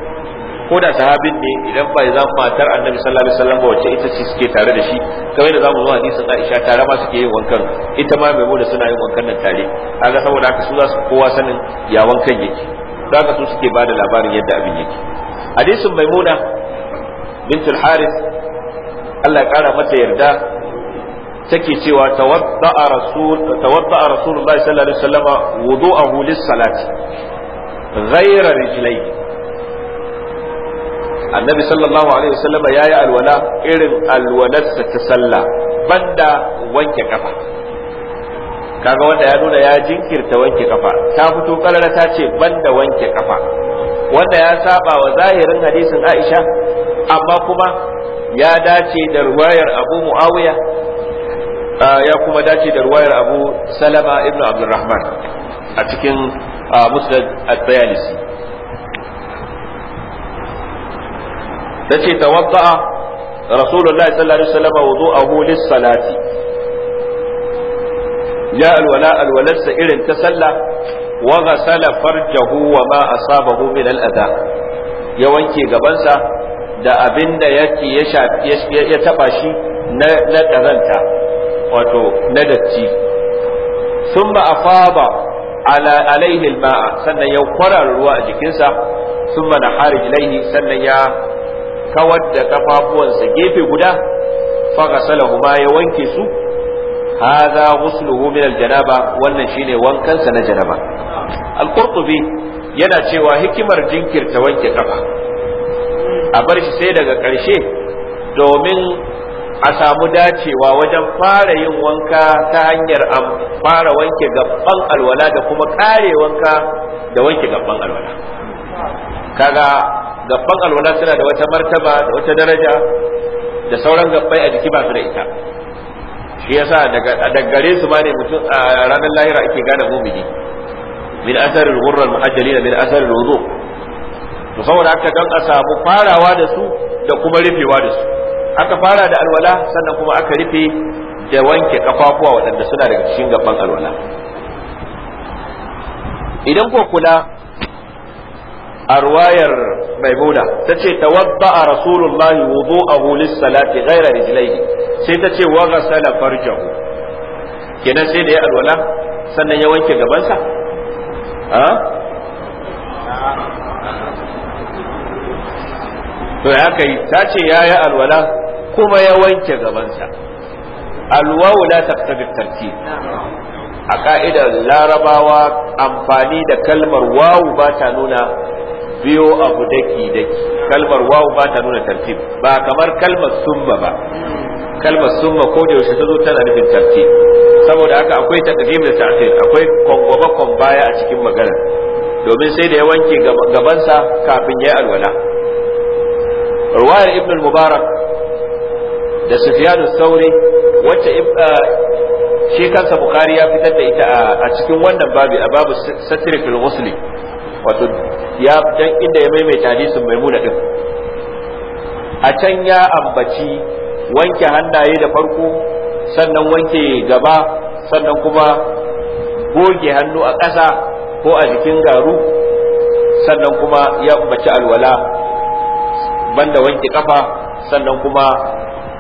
ko da sahabin ne idan ba ya matar annabi sallallahu alaihi wasallam ba wacce ita ce suke tare da shi kamar da zamu zo hadisin Aisha tare ma suke yin wankan ita ma bude suna yin wankan nan tare kaga saboda haka su za su kowa sanin ya wankan yake kaga su suke bada labarin yadda abin yake hadisin Maimuna bintul Haris Allah ya kara mata yarda take cewa tawadda'a rasul tawadda'a rasulullahi sallallahu alaihi wasallam wudu'ahu lis-salati ghayra rijlayhi annabi sallallahu alaihi wasallam ya yi alwala irin alwalarsa ta sallah banda wanke kafa kaga wanda ya nuna ya jinkirta wanke kafa ta fito kalara ta ce banda wanke kafa wanda ya saba wa zahirin hadisin Aisha amma kuma ya dace da ruwayar Abu Muawiya ya kuma dace da ruwayar Abu Salama ibn Abdurrahman a cikin Musnad at-Bayalisi tace tawadda rasulullahi sallallahu alaihi wasallam wudu'ahu lis-salati ya alwala alwalarsa irin ta sallah wa ghasala farjahu wa ma asabahu min al-adha ya wanke gabansa da abin da yake ya taba shi na kazanta wato na datti sun ba afaba alaihi ma'a sannan ya kwarar ruwa a jikinsa sun mana harij laihi sannan ya kawar da kafafuwansa gefe guda fa fagasalahuma ya wanke su hadha ghusluhu min aljanaba wannan shine wankansa na janaba al-qurtubi yana cewa hikimar jinkirta wanke kafa a bar shi sai daga ƙarshe domin a samu dacewa wajen fara yin wanka ta hanyar a fara wanke gaban alwala da kuma kare wanka da wanke gaban alwala kaga gabban alwala suna da wata martaba da wata daraja da sauran gabbai a jiki ba su da ita shi yasa daga gare su ma ne mutum a ranar lahira ake gane mumini min asarin gurran da min asarin wuzo, to saboda haka don a samu farawa da su da kuma rufewa da su aka fara da alwala sannan kuma aka rufe da wanke kafafuwa waɗanda suna daga cikin gabban alwala idan ko kula arwayar maimuna ta ce tawadda a rasulullahi wudu a hulis salati gaira rijilai sai ta ce wa gasala farjahu kenan sai da ya alwala sannan ya wanke gabansa to ya kai ta ce ya yi alwala kuma ya wanke gabansa alwawu la taqtabi tartib a ka'idar larabawa amfani da kalmar wawu ba ta nuna biyo abu daki daki kalmar wawu ba ta nuna tartib ba kamar kalmar summa ba kalmar summa ko da yaushe ta zo tana nufin tartib saboda haka akwai taqdim da ta'khir akwai kongoma kon baya a cikin magana domin sai da ya wanke gabansa kafin yayi alwala ruwayar ibn mubarak da sufyan al wacce eh, shi kansa bukhari ya fitar da ita a cikin wannan babi a babu satirikul muslim wato ya dan inda ya maimaita hadisin maimuna din a can ya ambaci wanke hannaye da farko sannan wanke gaba sannan kuma goge hannu a ƙasa ko a jikin garu sannan kuma ya ambaci alwala banda wanke kafa sannan kuma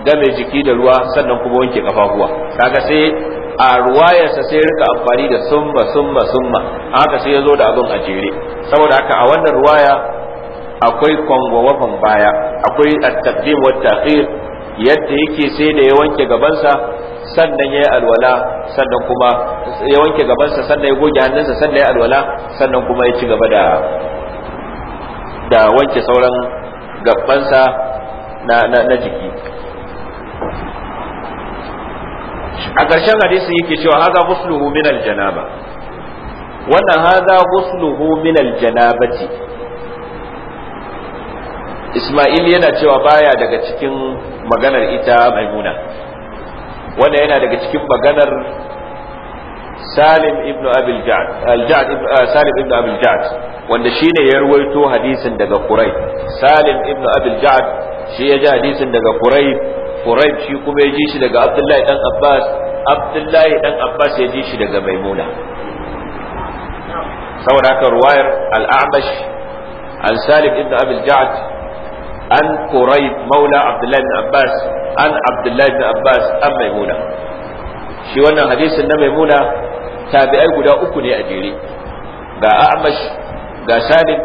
game jiki da ruwa sannan kuma wanke kafafuwa kaga sai a ruwayarsa sai rika amfani da summa summa summa haka sai ya zo da abin a jere saboda haka a wannan ruwaya akwai kwangwawafan baya akwai at-taqdim wa ta'khir yadda yake sai da ya wanke gabansa sannan ya yi alwala sannan kuma ya wanke gabansa sannan ya goge hannunsa sannan ya alwala sannan kuma ya ci gaba da da wanke sauran gabansa na, na, na jiki a ƙarshen hadisi yake cewa haza gusluhu min aljanaba wannan haza gusluhu min aljanabati Isma'il yana cewa baya daga cikin maganar ita maimuna wannan yana daga cikin maganar Salim ibn Abil ja'ad ah, Salim ibn Abil Ja'd wanda shine ya ruwaito hadisin daga Quraib Salim ibn Abil ja'ad shi ya ji hadisin daga Quraib Quraib shi kuma ya ji shi daga Abdullahi dan Abbas Abdullahi dan Abbas ya ji shi daga Maimuna saboda haka ruwayar al-A'mash an Salim ibn Abi an Quraib maula Abdullahi ibn Abbas an Abdullahi ibn Abbas an Maimuna shi wannan hadisin na Maimuna tabi'ai guda uku ne a jere ga A'mash ga Salim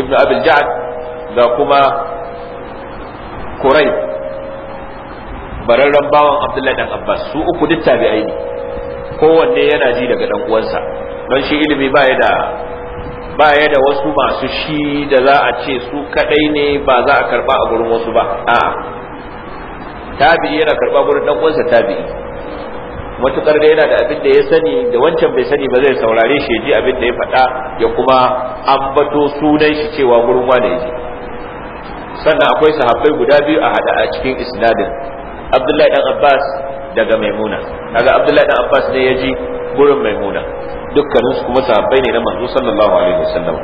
ibn Abi kuma bararren bawan abdullahi dan abbas su uku duk tabi'ai ne kowanne yana ji daga dan uwansa don shi ilimi ba ya da ba ya da wasu masu shi da za a ce su kadai ne ba za a karba a gurin wasu ba a tabi'i yana karba gurin dan uwansa tabi'i matukar da yana da abin da ya sani da wancan bai sani ba zai saurare shi ji abin da ya faɗa ya kuma ambato sunan shi cewa gurin wane ji sannan akwai sahabbai guda biyu a hada a cikin isnadin abdullahi dan abbas daga maimuna kaga abdullahi dan abbas ne ya ji gurin maimuna dukkanin su kuma sahabbai ne na manzo sallallahu alaihi wasallam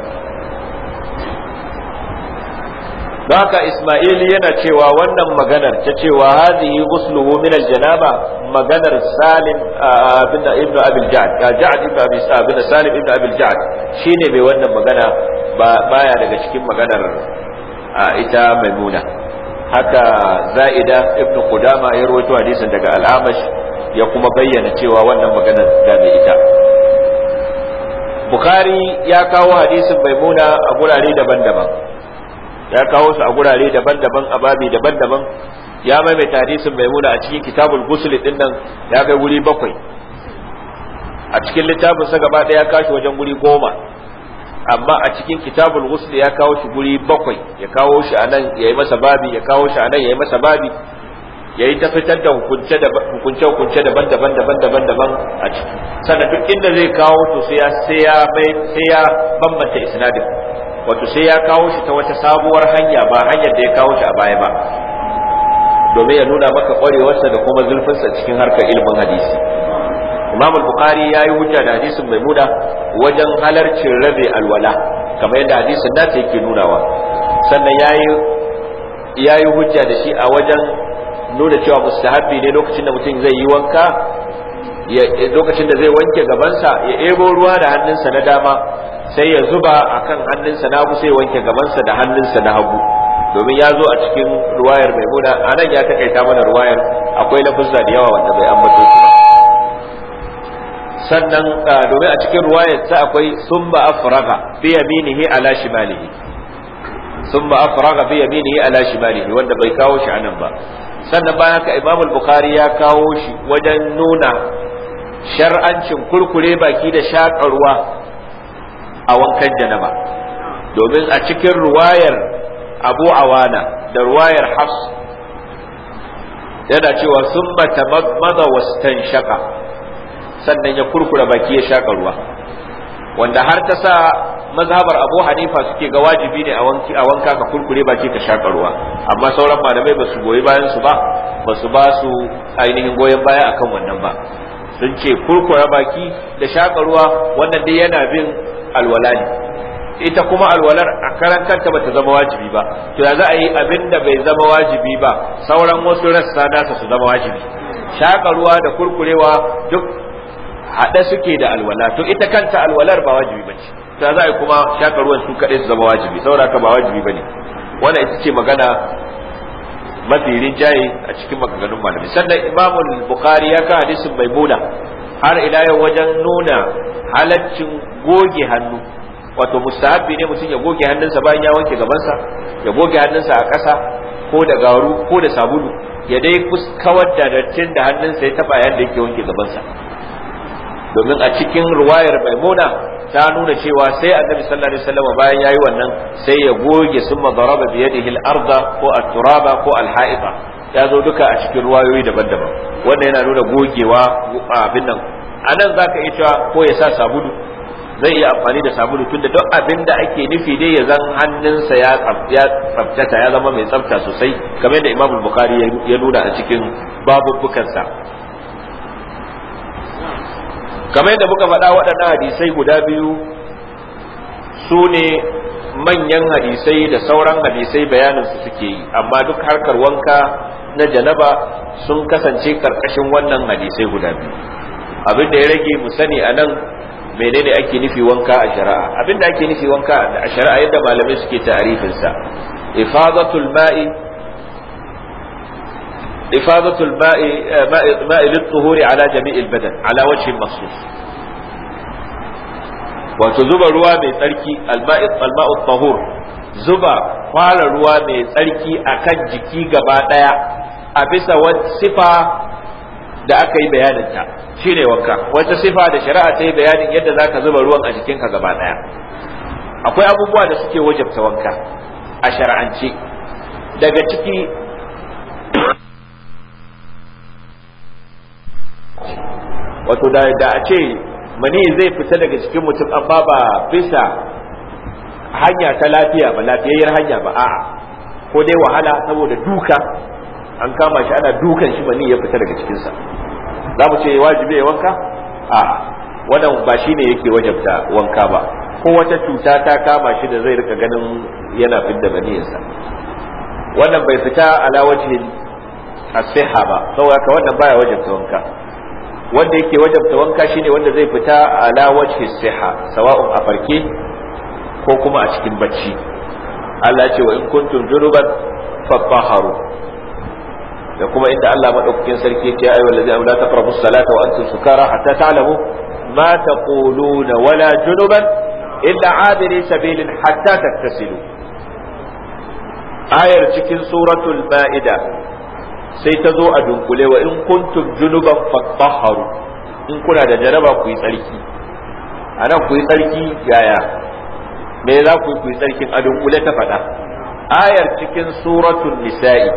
haka isma'il yana cewa wannan maganar ta cewa hadhihi ghusluhu min al-janaba maganar salim ibn ibn abil ja'd ya ja'd ibn abi ibn salim ibn abil ja'd shine mai wannan magana baya daga cikin maganar ita maimuna haka za'ida ibn qudama ya rawaito hadisin daga al ya kuma bayyana cewa wannan magana da mai ita bukhari ya kawo hadisin maimuna a gurare daban-daban ya kawo su a gurare daban-daban a babi daban-daban ya maimaita hadisin maimuna a cikin kitabul ghusl din nan ya kai wuri bakwai a cikin littafin sa gaba ya kashi wajen wuri goma amma a cikin kitabul ghusl ya kawo shi guri bakwai ya kawo shi anan yayi masa babi ya kawo shi anan yayi masa babi yayi ta fitar da hukunce da hukunce hukunce daban-daban daban-daban daban a ciki sannan duk inda zai kawo to sai ya sai ya bai sai ya bambanta isnadin wato sai ya kawo shi ta wata sabuwar hanya ba hanyar da ya kawo shi a baya ba domin ya nuna maka kwarewarsa da kuma zurfinsa cikin harkar ilimin hadisi imam al ya yi hujja da hadisin maimuda wajen halarcin rabe alwala kamar yadda hadisin da yake nunawa sannan yayi yayi hujja da shi a wajen nuna cewa mustahabi ne lokacin da mutum zai yi wanka lokacin da zai wanke gabansa ya ebo ruwa da hannunsa na dama sai ya zuba a kan hannunsa na hagu sai wanke gabansa da hannunsa na hagu domin ya zo a cikin ruwayar maimuna anan ya takaita mana ruwayar akwai lafuzza da yawa wanda bai ambato su ba sannan domin a cikin ruwayar ta akwai sumba afraga bi yaminihi ala shimalihi Sumba afraga bi yaminihi ala shimalihi wanda bai kawo shi anan ba sannan bayan haka Imam bukhari ya kawo shi wajen nuna shar'ancin kurkure baki da shakarwa ruwa a wankan janaba domin a cikin ruwayar Abu Awana da ruwayar Hafs yana cewa wasu tamadmada wastanshaka sannan ya kurkura baki ya shaka ruwa wanda har ta sa mazhabar abu hanifa suke ga wajibi ne a wanka ka kurkure baki ka shaka ruwa amma sauran malamai ba su goyi bayan su ba ba su ba su ainihin goyon baya akan wannan ba sun ce kurkura baki da shaka ruwa wannan dai yana bin alwala ne ita kuma alwalar a karan kanta bata zama wajibi ba to ya za a yi abin da bai zama wajibi ba sauran wasu rassa nasa su zama wajibi shaka ruwa da kurkurewa duk haɗe suke da alwala to ita kanta alwalar ba wajibi ba ce ta za a kuma shaka ruwan su kaɗai su zama wajibi saboda ka ba wajibi ba ne wannan ita ce magana mafi rinjaye a cikin maganganun malami sannan imamul bukhari ya ka hadisin maimuna har ila yau wajen nuna halaccin goge hannu wato mustahabbi ne mutum ya goge hannunsa bayan ya wanke gabansa ya goge hannunsa a ƙasa ko da garu ko da sabulu ya dai kawar da dattin da hannunsa ya taba yadda yake wanke gabansa domin a cikin ruwayar maimuna ta nuna cewa sai annabi sallallahu alaihi wasallam bayan yayi wannan sai ya goge summa daraba bi yadihi al ardha ko at-turaba ko al haifa ya zo duka a cikin ruwayoyi daban-daban wannan yana nuna gogewa abin nan anan zaka iya cewa ko ya sa sabulu zai iya amfani da sabulu tunda duk abin da ake nufi dai ya zan hannunsa ya tsabtata ya zama mai tsafta sosai kamar da Imam Bukhari ya nuna a cikin babu-bukansa. kamar yadda muka faɗa waɗannan hadisai guda biyu su ne manyan hadisai da sauran hadisai bayaninsu suke yi amma duk harkar wanka na janaba sun kasance karkashin wannan hadisai guda biyu abin da ya rage mu sani a nan menene ake nufi wanka a shari'a abin da ake nufi wanka a shari'a yadda malamai suke ta'arifinsa ifadatul ma'i إفاضة الماء ماء للطهور على جميع البدن على وجه مخصوص wato zuba ruwa mai tsarki alma'u tahur zuba fara ruwa mai tsarki akan jiki gaba daya a bisa sifa da aka yi bayaninta shine wanka wata sifa da shari'a ta yi bayanin yadda za ka zuba ruwan a jikinka gaba ɗaya? akwai abubuwa da suke wajabta wanka a shari'ance daga ciki wato da a ce mani zai fita daga cikin mutum amma ba bisa hanya ta lafiya ba lafiyayyar hanya ba a'a ko dai wahala saboda duka an kama shi ana dukan shi mani ya fita daga cikinsa za mu ce wajibi ya wanka a wannan ba shi ne yake wajabta wanka ba ko wata cuta ta kama shi da zai rika ganin yana fidda maniyarsa wannan bai fita ala asiha ba saboda ka wannan baya wajabta wanka wanda yake wajabta wanka ne wanda zai fita ala wajhi siha sawa'un a farke ko kuma a cikin bacci Allah ce wa in kuntum junuban fatahharu da kuma inda Allah madaukakin sarki ya ce ayyuhal ladzina la taqrabu as-salata wa antum sukara hatta ta'lamu ma taquluna wala junuban illa abiri sabilin hatta tattasilu ayar cikin suratul ma'ida sai ta zo a dunkule wa in kuntum junuban fatahharu in kuna da jaraba ku yi tsarki anan ku yi tsarki yaya me za ku yi tsarkin a dunkule ta faɗa ayar cikin suratul nisa'i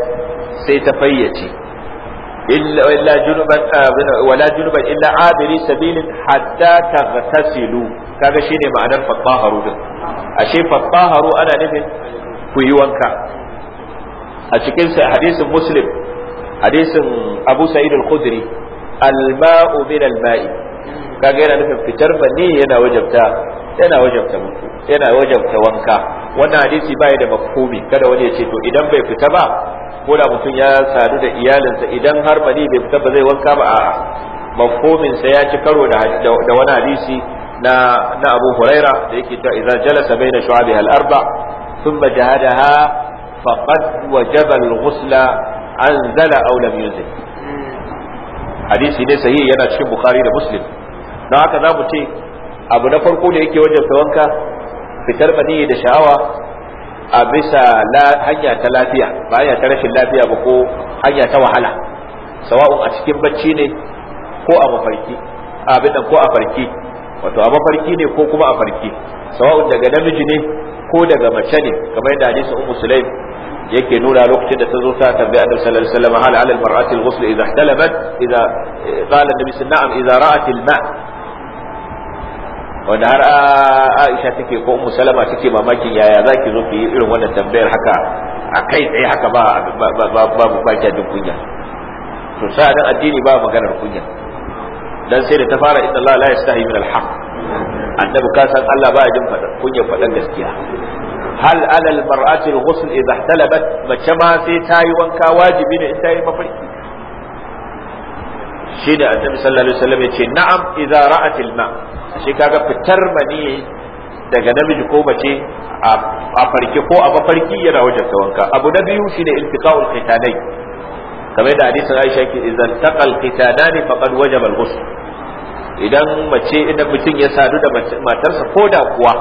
sai ta fayyace illa junuban wala junuban illa abiri sabilin hatta taghtasilu kaga shine ma'anar fatahharu din ashe fatahharu ana nufin ku yi wanka a cikin hadisin muslim hadisin abu sa'id al-khudri al-ma'u min al-ma'i kaga yana nufin fitar bani yana wajabta yana wajabta mutu yana wajabta wanka wannan hadisi bai da mafhumi kada wani ya ce to idan bai fita ba ko da mutum ya sadu da iyalinsa idan har bani bai fita ba zai wanka ba a'a mafhumin sa ya ci karo da da wani hadisi na na Abu Huraira da yake cewa idza jalasa baina shuabi al-arba thumma jahadaha faqad wajaba al-ghusla anzala aw lam yunzil hadisi ne sahihi yana cikin bukhari da muslim don haka za mu ce abu na farko da yake wajen wanka fitar bani da sha'awa a bisa hanya ta lafiya ba hanya ta rashin lafiya ba ko hanya ta wahala sawa'un a cikin bacci ne ko a mafarki abin ko a farki wato a mafarki ne ko kuma a farki sawa'un daga namiji ne ko daga mace ne kamar da hadisi ummu sulaim yake nuna lokacin da ta zo ta tambayi annabi sallallahu alaihi wasallam hal ala almar'ati alghusl idha ihtalabat idha qala annabi na'am idha ra'at alma' wanda har Aisha take ko Ummu Salama take mamakin yaya zaki zo ki yi irin wannan tambayar haka a kai tsaye haka ba babu baki da kunya to sai dan addini ba maganar kunya dan sai da ta fara inna Allah la yastahi min alhaq annabi ka san Allah ba ya jin fadan kunya fadan gaskiya hal alal mar'ati al-ghusl idha ihtalabat mace ma sai tayi wanka wajibi ne in tayi mafarki shi da annabi sallallahu alaihi wasallam yace na'am idza ra'at al-ma shi kaga fitar mani daga namiji ko mace a farke ko a mafarki yana wajen wanka abu na biyu shine iltiqa'ul qitanai kamar da hadisin Aisha ke idan taqal qitanani faqad wajaba al-ghusl idan mace idan mutum ya sadu da matarsa ko da kuwa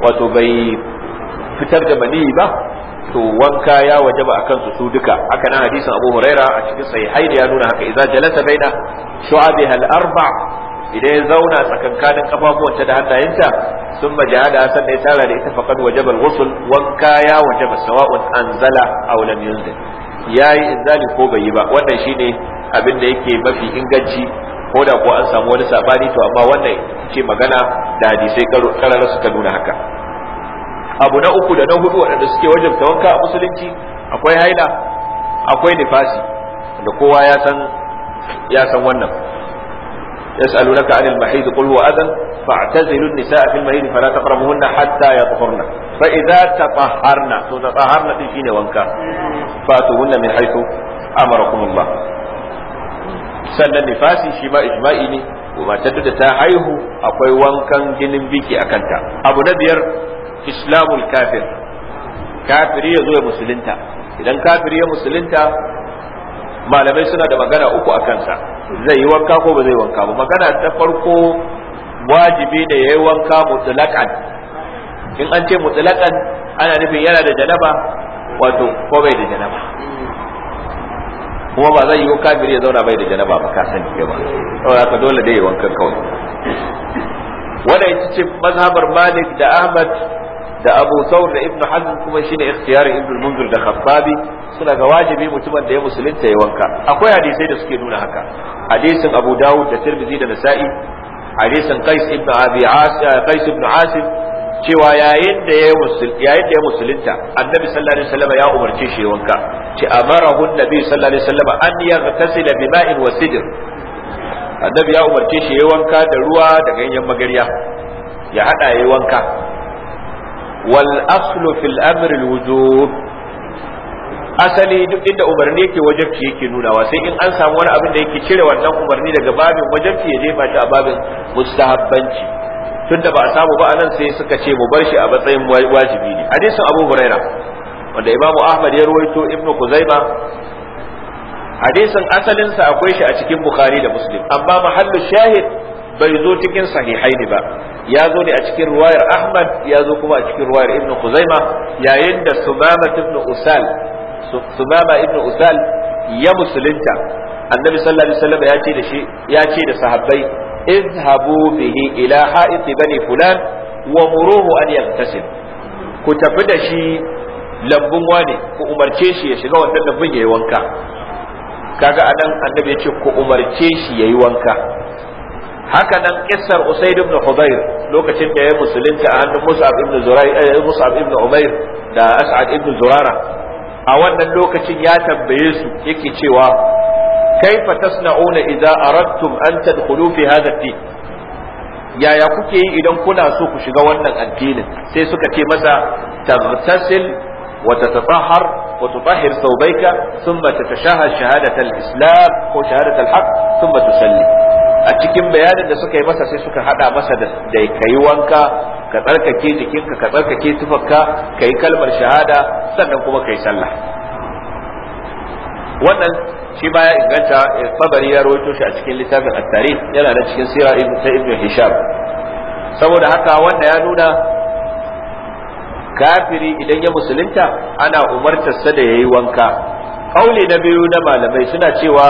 wato bai fitar da mani ba to wanka ya wajaba a kansu su duka haka nan hadisin abu huraira a cikin sai haidi ya nuna haka idza jalasa baina shu'abiha al-arba idan ya zauna tsakankanin ta da hannayenta sun majahada sannan ya tara da ita faqad wajaba al-ghusl wanka ya wajaba sawa'un anzala aw lam yunzil yayi inzali ko bai yi ba wannan shine abin da yake mafi inganci ko da ko an samu wani sabani to amma wannan ce magana da hadisai su suka nuna haka abu na uku da na hudu waɗanda suke wajen wanka a musulunci akwai haila akwai nifasi da kowa ya san ya san wannan yas'alunaka anil mahid qul huwa adan fa'tazilu nisaa fil mahid fala taqrabuhunna hatta yatahharna fa idza tatahharna to tatahharna din shine wanka fatuhunna min haythu amarakumullah sannan nifasi shi ma ijma'i ne matar da ta haihu akwai wankan ginin biki a kanta abu na biyar islamul kafir kafiri ya zo ya musulunta idan kafiri ya musulunta malamai suna da magana uku a kansa zai yi wanka ko ba zai wanka ba magana ta farko wajibi da ya yi wanka mutulakan in an ce mutulakan ana nufin yana da janaba wato ko bai da janaba kuma ba zai yi kafiri ya zauna bai da janaba ba ka sani kai ba saboda ka dole dai wankan kawai wanda ita ce mazhabar Malik da Ahmad da Abu Thawr da Ibn Hazm kuma shine ikhtiyar Ibn Munzir da Khattabi suna ga wajibi mutumin da ya musulunta ya wanka akwai hadisai da suke nuna haka hadisin Abu Dawud da Tirmidhi da Nasa'i hadisin Qais ibn Abi eh, Qais ibn Asim cewa yayin da ya yayin da ya musulunta annabi sallallahu alaihi wasallam ya umarce shi wanka ce amarahu annabi sallallahu alaihi wasallam an yaghtasila bima'in wa sidr annabi ya umarce shi yayin wanka da ruwa da ganyen magarya ya hada yi wanka wal aslu fil amr al wujub asali duk inda umarni yake wajabci yake wa sai in an samu wani abin da yake cire wannan umarni daga babin wajabci ya jefa shi a babin mustahabbanci tunda ba a samu ba anan sai suka ce mu bar shi a matsayin wajibi ne hadisin abu huraira wanda imamu ahmad ya ruwaito ibnu kuzaima hadisin asalinsa akwai shi a cikin bukhari da muslim amma mahallu shahid bai zo cikin sahihaini ba ya zo ne a cikin ruwayar ahmad ya zo kuma a cikin ruwayar ibnu kuzaima yayin da sumama ibnu usal sumama ibnu usal ya musulunta annabi sallallahu alaihi wasallam ya ce da shi ya ce da sahabbai izhabu bihi ila ha'iti bani fulan wa muruhu an yaghtasil ku tafi da shi lambun wane ku umarce shi ya shiga wannan lambun yayi wanka kaga anan annabi ya ce ku umarce shi yayi wanka haka nan kissar Usaid ibn Hudayr lokacin da ya musulunta a hannun Mus'ab ibn Zurai eh, Mus'ab ibn umayr da As'ad ibn Zurara a wannan lokacin ya tambaye su yake cewa kaifa tasna'una idza aradtum an tadkhulu fi hadha ad yaya kuke yi idan kuna so ku shiga wannan addinin sai suka ce masa taghtasil wa tatatahhar wa tutahhir thawbayka thumma tatashahhad shahadata al-islam ko shahadata al-haq thumma tusalli a cikin bayanin da suka yi masa sai suka haɗa masa da kai wanka ka tsarkake jikinka ka tsarkake tufarka kai kalmar shahada sannan kuma kai sallah wannan shi baya inganta eh, tabari ya rawaito shi a cikin littafin at-tarikh yana da cikin sira ta ibnu hisham saboda haka wanda ya nuna kafiri idan ya musulunta ana umartarsa da yayi wanka kauli na biyu na malamai suna cewa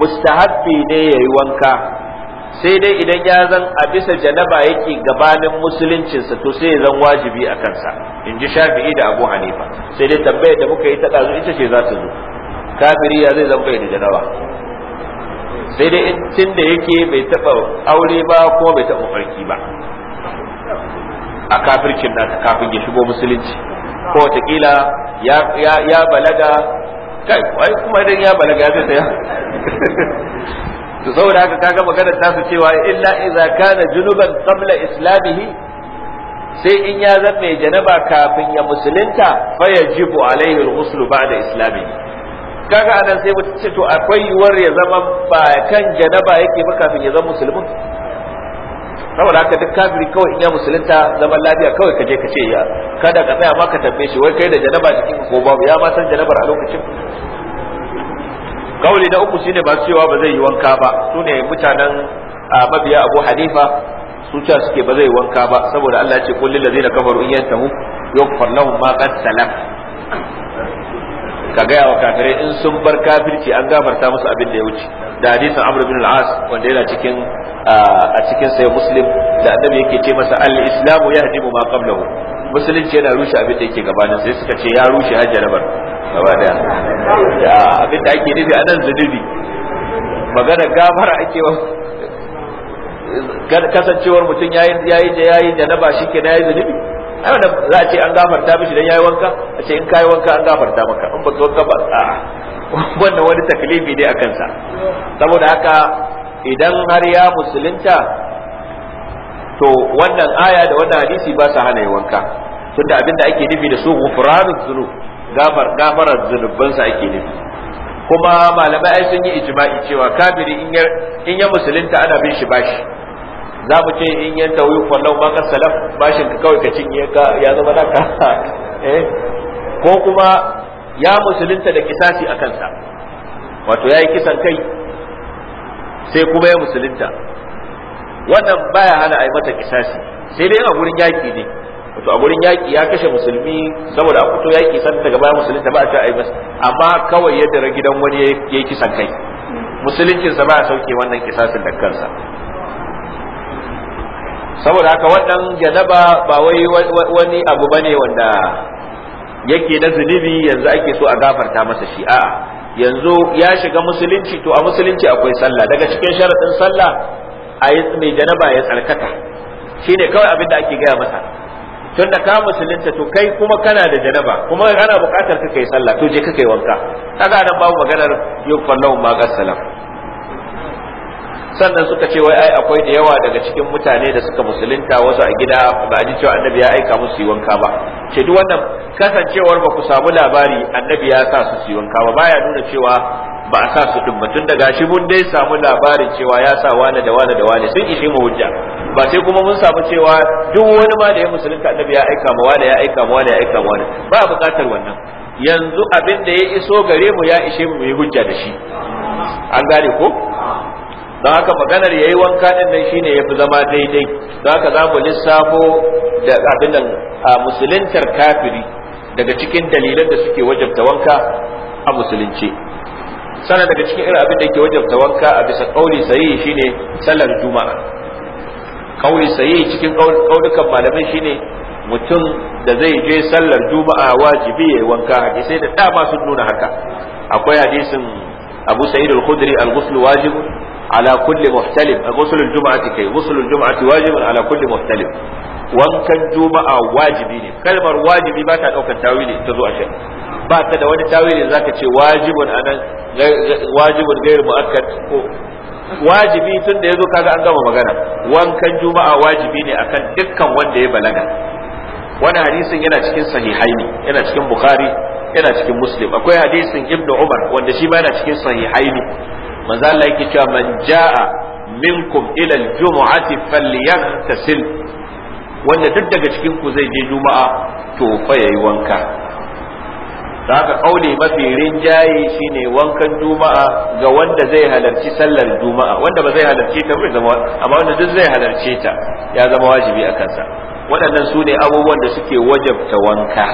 mustahabbi ne yayi wanka sai dai idan ya zan a bisa janaba yake gabanin musuluncinsa to sai ya zan wajibi a kansa in ji shafi'i da abu hanifa sai dai tambayar da muka yi ta ɗazu ita ce za ta zo kafiri ya zai zama bai da janaba sai dai tun da yake bai taba aure ba ko bai taba farki ba a kafircin nasa kafin ya shigo musulunci ko watakila ya balaga kai wai kuma idan ya balaga ya zai to saboda haka kaga ta su cewa illa idza kana junuban qabla islamihi sai in ya zama mai janaba kafin ya musulunta fa yajibu alaihi al-ghuslu ba'da islamihi kaga anan sai mutum ce to akwai yiwuwar ya zama ba kan janaba yake ba kafin ya zama musulmin saboda haka duk kafiri kawai in ya musulunta zaman lafiya kawai ka je ka ce ya kada ka tsaya ma ka tambaye shi wai kai da janaba cikin ko babu ya ma san janabar a lokacin kauli na uku shine ba cewa ba zai yi wanka ba sune mutanen mabiya Abu Hanifa su ta suke ba zai wanka ba saboda Allah ya ce kullil ladina kafaru in yantahu yughfar lahum ma qad salaf ka gaya wa kafirai in sun bar kafirci an gafarta musu abin da ya wuce da hadisin amr bin al-as wanda yana cikin a cikin sai muslim da annabi yake ce masa al-islamu yahdimu ma qablahu musulunci yana rushe abin da yake gabanin sai suka ce ya rushe bar gaba da abin da ake nufi anan zunubi magana gafara ake wa kasancewar mutum yayin yayi da yayin da na ba shi ke na yayi zunubi ai za a ce an gafarta mishi dan yayi wanka a ce in kai wanka an gafarta maka in ba wanka ba a wannan wani taklifi ne a kansa saboda haka idan har ya musulunta to wannan aya da wannan hadisi ba sa hana yi wanka tunda abinda ake nufi da su gufranul zulu gafar gafarar sa ake nufi kuma malamai ai sun yi ijma'i cewa kafiri in ya musulunta ana bin shi bashi za mu ce in yan tawi kwallon maka salaf bashin ka kawai ka cinye ka ya zama naka ka eh? ko kuma ya musulunta da kisasi a kansa wato ya yi kisan kai sai kuma ya musulunta wannan baya hana a yi mata kisasi sai dai a gurin yaƙi ne wato a gurin yaƙi ya kashe musulmi saboda a fito yaƙi san daga baya musulunta ba a ta masa. amma kawai ya dira gidan wani ya yi kisan kai musuluncin sa ba a sauke wannan kisasin da kansa saboda haka wannan janaba ba wai wani abu bane wanda yake na zunubi yanzu ake so a gafarta masa shi a'a yanzu ya shiga musulunci to a musulunci akwai sallah daga cikin sharaɗin sallah a mai janaba ya tsarkata Shi ne kawai abin da ake gaya masa tun da ka musulunta to kai kuma kana da janaba kuma kana buƙatar ka kai sallah to je ka kai wanka kaga nan babu maganar yuqallahu ma qasalam sannan suka ce wai ai akwai da yawa daga cikin mutane da suka musulunta wasu a gida ba a ji cewa annabi ya aika musu yi wanka ba ce duk wannan kasancewar ba ku samu labari annabi ya sa su yi wanka ba baya nuna cewa ba a sa su din batun daga shi mun dai samu labarin cewa ya sa wani da wani da wani sun ishe mu hujja ba sai kuma mun samu cewa duk wani ma da ya musulunta annabi ya aika ma wani ya aika ma wani ya aika ma wani ba buƙatar wannan yanzu abin da ya iso gare mu ya ishe mu mu yi hujja da shi an gane ko don haka maganar yayi wanka din nan shine yafi zama daidai don haka za mu lissafo da abin nan a musuluntar kafiri daga cikin dalilan da suke wajabta wanka a musulunci sana daga cikin irin abin da yake wajabta wanka a bisa kauli sayi shine sallar juma'a kauli sayi cikin kaulukan malamai shine mutum da zai je sallar juma'a wajibi yayi wanka hadisai da dama sun nuna haka akwai hadisin abu sa'id al-khudri al-ghusl wajibun ala kulli muhtalim a gusulul juma'ati kai gusulul juma'ati على ala kulli وان wankan juma'a wajibi ne kalmar wajibi ba ta daukan tawili ta zo a shan ba ta da wani tawili zaka ce wajibun anan wajibun gairu ko wajibi tun da ya zo kaga an gama magana wankan juma'a wajibi ne akan dukkan wanda ya balaga wani hadisin yana cikin sahihaini yana cikin bukhari yana cikin muslim akwai hadisin ibnu umar wanda shi ma yana cikin sahihaini manzo Allah yake cewa man jaa minkum ila al-jum'ati falyaghtasil wanda duk daga cikin ku zai je juma'a to fa yayi wanka da haka kauli mafi rinjaye shine wankan juma'a ga wanda zai halarci sallar juma'a wanda ba zai halarci ta bai zama amma wanda duk zai halarci ta ya zama wajibi a kansa waɗannan su ne abubuwan da suke wajabta wanka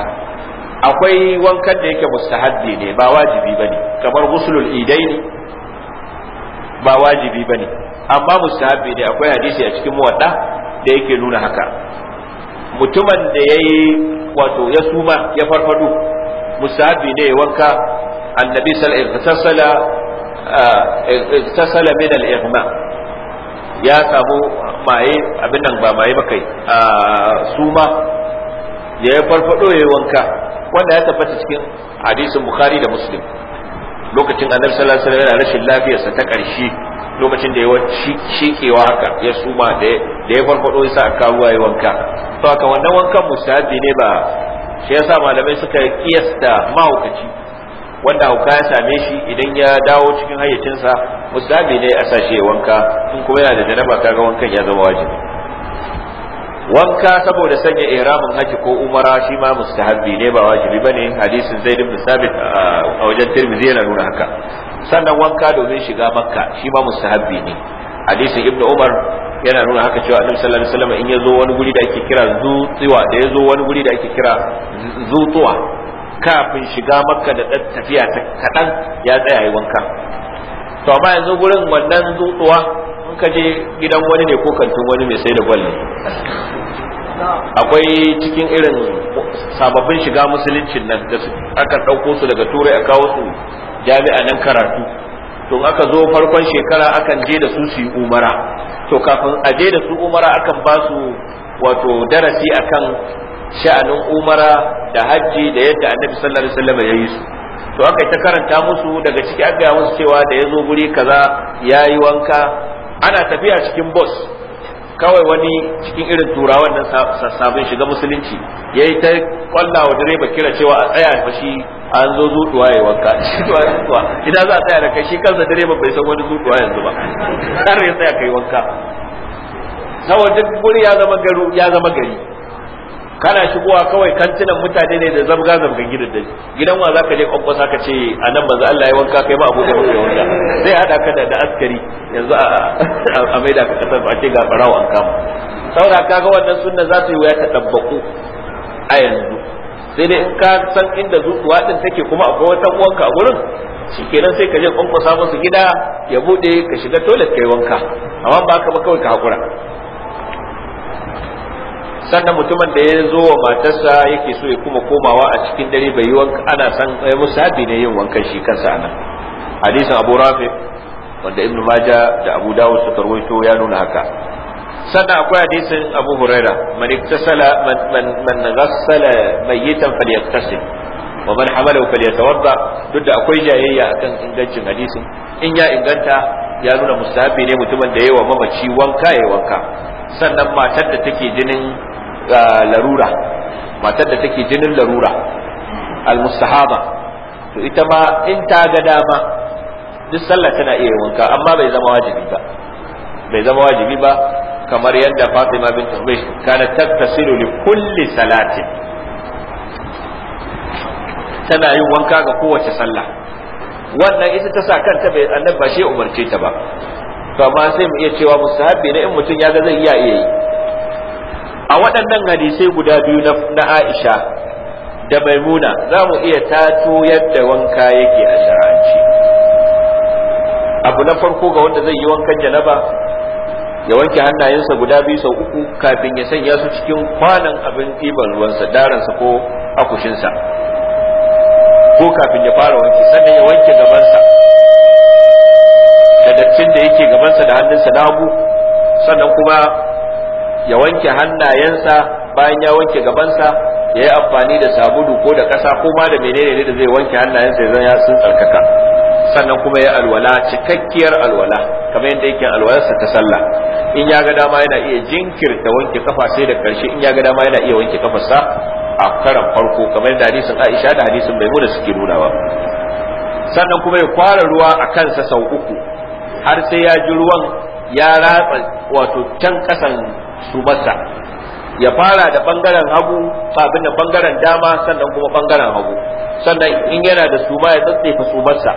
akwai wankan da yake mustahabbi ne ba wajibi bane kamar ghuslul idaini ba wajibi bane amma mustahabi ne akwai hadisi a cikin muwadda da yake nuna haka mutumin da yayi wato ya suma ya farfado mustahabi ne ya wanka annabi sallallahu min al ya samu maye abin nan ba maye bakai a suma ya farfado ya wanka wanda ya tabbata cikin hadisin bukhari da muslim lokacin annabi sallallahu alaihi wasallam yana rashin lafiyarsa ta ƙarshe lokacin da ya shikewa haka ya suma da ya farfado ya sa aka ruwa ya wanka to aka wannan wankan musabbi ne ba shi yasa malamai suka kiyasta mahaukaci wanda hauka ya same shi idan ya dawo cikin hayyacinsa musabbi ne a sashe wanka in kuma yana da janaba kaga wankan ya zama wajibi wanka saboda sanya ihramin haji ko umara shi ma mustahabbi ne ba wajibi bane hadisin zaid ibn sabit uh, a wajen tirmidhi yana nuna haka sannan wanka domin shiga makka shi ma mustahabbi ne hadisin ibn umar yana nuna haka cewa annabi sallallahu alaihi wasallam in yazo wani guri da ake kira zuwa da yazo wani guri da ake kira zuwa kafin shiga makka da dan tafiya ta kadan ya tsaya yi wanka to amma yanzu gurin wannan zuwa ka je gidan wani ne ko kantin wani mai sai da gwal ne akwai cikin irin sababbin shiga musuluncin nan da aka ɗauko su daga turai a kawo su jami'a nan karatu to aka zo farkon shekara akan je da su su yi umara to kafin a je da su umara akan ba su wato darasi akan sha'anin umara da hajji da yadda annabi sallallahu alaihi wasallam ya yi su to aka ta karanta musu daga ciki aka musu cewa da ya zo guri kaza ya yi wanka ana tafiya cikin bus kawai wani cikin irin turawan nan sabon shiga musulunci ya yi ta kwalla wa direba kira cewa a tsaya fa shi an zo zuɗuwa ya wanka idan za a tsaya da kai shi kansa direba bai san wani zuɗuwa yanzu ba kar ya tsaya kai wanka saboda duk guri ya zama gari kana shigowa kawai kantinan mutane ne da zabga zabga gidan da gidan wa zaka je kwakwa ka ce a nan manzo Allah ya wanka kai ba abu da mafi wanda zai hada ka da askari yanzu a maida ka kasar ba ce ga barawo an kama saboda kaga wannan sunna za ta yi wuya ta dabbaku a yanzu sai dai in ka san inda zuwa din take kuma akwai wata uwanka a gurin shikenan sai ka je kwankwasa musu gida ya bude ka shiga toilet kai wanka amma ba ka ba kawai ka hakura sannan mutumin da ya zo wa matarsa yake so ya kuma komawa a cikin dare bai yi wanka ana san ya musabi ne yin wankan shi kansa nan hadisin abu rafi wanda ibnu maja da abu dawud suka rawaito ya nuna haka sannan akwai hadisin abu huraira man iktasala man man ghassala mayyitan falyaghtasil wa man hamalahu falyatawadda duk da akwai jayayya akan ingancin hadisin in ya inganta ya nuna musabi ne mutumin da wa mamaci wanka ya wanka sannan matar da take jinin larura matar da take jinin larura almustahaba to ita ma in ta ga dama duk sallah tana iya wanka amma bai zama wajibi ba bai zama wajibi ba kamar yadda Fatima bint Hubaysh kana tattasilu li kulli salatin tana yin wanka ga kowace sallah wannan ita ta sa kanta bai annabi ba shi umarce ta ba to amma sai mu iya cewa musahabi ne in mutum ya ga zai iya iya yi a waɗannan hadisai guda biyu na Aisha da Maimuna za mu iya tato yadda wanka yake a shar'anci abu na farko ga wanda zai yi wankan janaba ya wanke hannayensa guda biyu sau uku kafin ya sanya su cikin kwanan abin ɗiban ruwansa daransa ko akushinsa ko kafin ya fara wanke sannan ya wanke gabansa da dattin da yake gabansa da hannunsa na hagu sannan kuma ya wanke hannayensa bayan ya wanke gabansa ya yi amfani da sabulu ko da ƙasa ko ma da menene ne da zai wanke hannayensa ya zan sun tsarkaka sannan kuma ya alwala cikakkiyar alwala kamar yadda yake alwalarsa ta sallah in ya ga dama yana iya jinkirta wanke kafa sai da ƙarshe in ya ga dama yana iya wanke kafarsa a karan farko kamar yadda hadisin Aisha da hadisin Maimuna suke nuna ba sannan kuma ya kwara ruwa a kansa sau uku har sai ya ji ruwan ya ratsa wato can kasan masa ya fara da bangaren hagu kafin da bangaren dama sannan kuma bangaren hagu sannan in yana da suma ya tsatsefa masa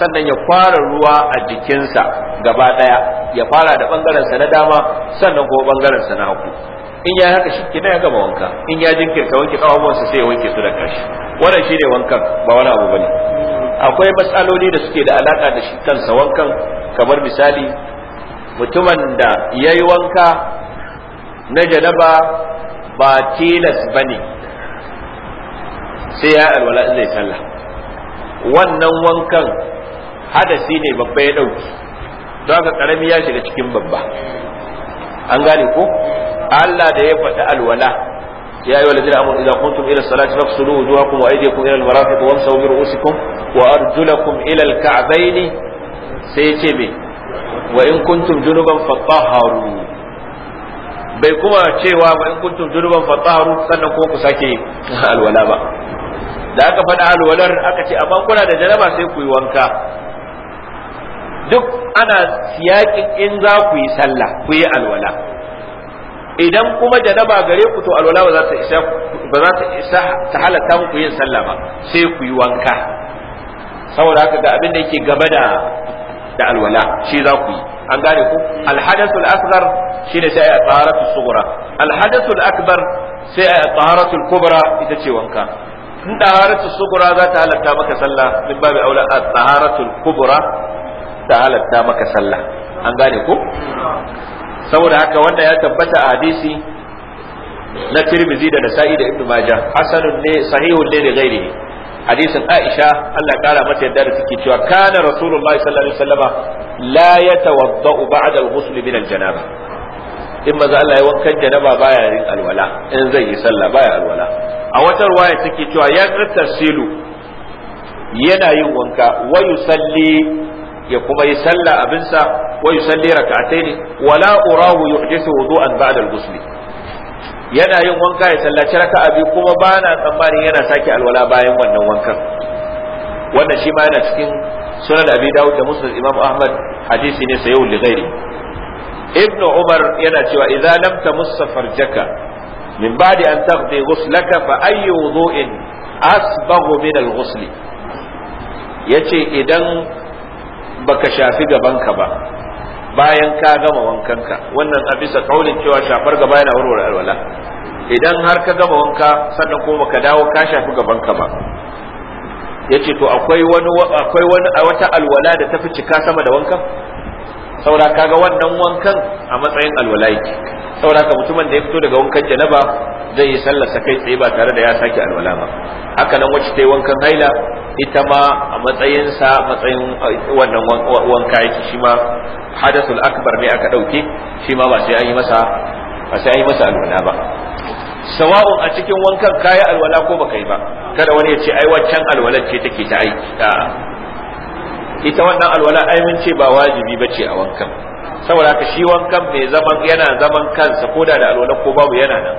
sannan ya fara ruwa a jikinsa gaba daya ya fara da bangaren sa na dama sannan kuma bangaren sa na hagu in ya haka shi kina ya gama wanka in ya jinkirta wanke sa sai ya wanke su da kashi wannan shine wankan ba wani abu bane akwai matsaloli da suke da alaka da shi kansa wankan kamar misali mutumin da ya yi wanka na janaba ba tilas ba ne sai ya alwala in zai sallah wannan wankan hadasi ne babba ya ɗauki don haka ƙarami ya shiga cikin babba an gane ko Allah da ya faɗi alwala ya yi walajin amur idan kuntum ila salati na kusuru zuwa kuma aiki kuma ila almarafi kuma wani saurin usikun wa arjula kuma ila alka'abaini sai ya ce me wa in kuntum junuban fatahaurin bai kuma cewa ba in kuntum junuban taharu sannan ko ku sake alwala ba da aka faɗa alwalar aka ce amma kuna da janaba sai ku yi wanka duk ana siyakin in za ku yi sallah ku yi alwala idan kuma janaba gare ku to alwala ba za ta isa ba za ta isa ta halatta ku yin sallah ba sai ku yi wanka saboda haka ga abin da yake gaba da da alwala shi za ku yi an gane ku alhadathul asghar shine sai a taharatu sughra alhadathul akbar sai a taharatu kubra ita ce wanka in taharatu sughra za ta halatta maka sallah min babu aula taharatu kubra ta halatta maka sallah an gane ku saboda haka wanda ya tabbata a hadisi na Tirmidhi da Nasa'i da Ibn Majah hasanun ne sahihun ne da ghairihi hadisin Aisha Allah kara mata yadda da take cewa kana Rasulullahi sallallahu alaihi wasallama la yatawadda'u ba'da al-ghusl min al in maza Allah ya wankan janaba baya yin alwala in zai yi sallah baya alwala a wata ruwaya take cewa ya tasilu yana yin wanka wa ya kuma yi sallah abinsa wa yusalli raka'ataini wala urahu yuhdithu wudu'an yana yin wanka ya sallaci raka'a biyu kuma ba na tsammanin yana sake alwala bayan wannan wankan wannan shi ma yana cikin sunan abi dawud da musnad imam ahmad hadisi ne sayu li ghairi ibnu umar yana cewa idza lam tamussa Jaka. min ba'di an taghdi ghuslaka fa ayyu wudu'in asbaghu min al yace idan baka shafi gaban ka ba bayan ka gama wankanka wannan a bisa kaulin cewa shafar gaba yana warware alwala idan har ka gama wanka sannan kuma ka dawo ka shafi ka ba yace to akwai wani akwai wani wata alwala da ta fi cika sama da wankan saura kaga wannan wankan a matsayin alwala yake saura ka mutumin da ya fito daga wankan janaba zai yi sallar kai tsaye ba tare da ya sake alwala ba haka nan wacce ta yi wankan haila ita ma a matsayin sa matsayin eh, wannan wanka yake shi ma hadathul akbar ne aka dauke shi ma ba sai an yi masa ba sai an yi masa alwala ba sawa'un a cikin wankan kayi alwala ko baka yi ba kada wani ya ce ai waccan alwalar ce take ta aiki ita wannan alwala ai mun ce ba wajibi bace a wankan saboda haka shi wankan mai zaman yana zaman kansa ko da alwala ko babu yana nan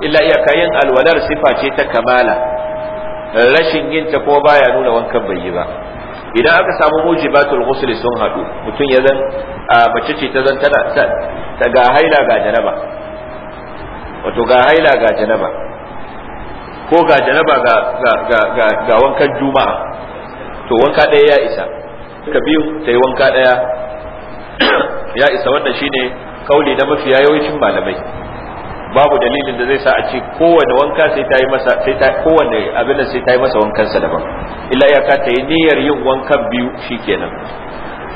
illa iyaka yin alwalar sifa ce ta kamala rashin yin ta ko baya nuna wankan bai yi ba idan aka samu mujibatul ghusl sun hadu mutum ya zan mace ce ta zan tana ta ga haila ga janaba wato ga haila ga janaba ko ga janaba ga ga ga wankan juma'a to wanka ɗaya ya isa ka biyu ta yi wanka ɗaya ya isa wannan shine kauli na mafiya yawancin malamai babu dalilin da zai sa a ce kowane wanka sai ta yi masa sai ta kowane abin da sai ta yi masa wankansa daban illa ya ka ta yi niyyar yin wankan biyu shikenan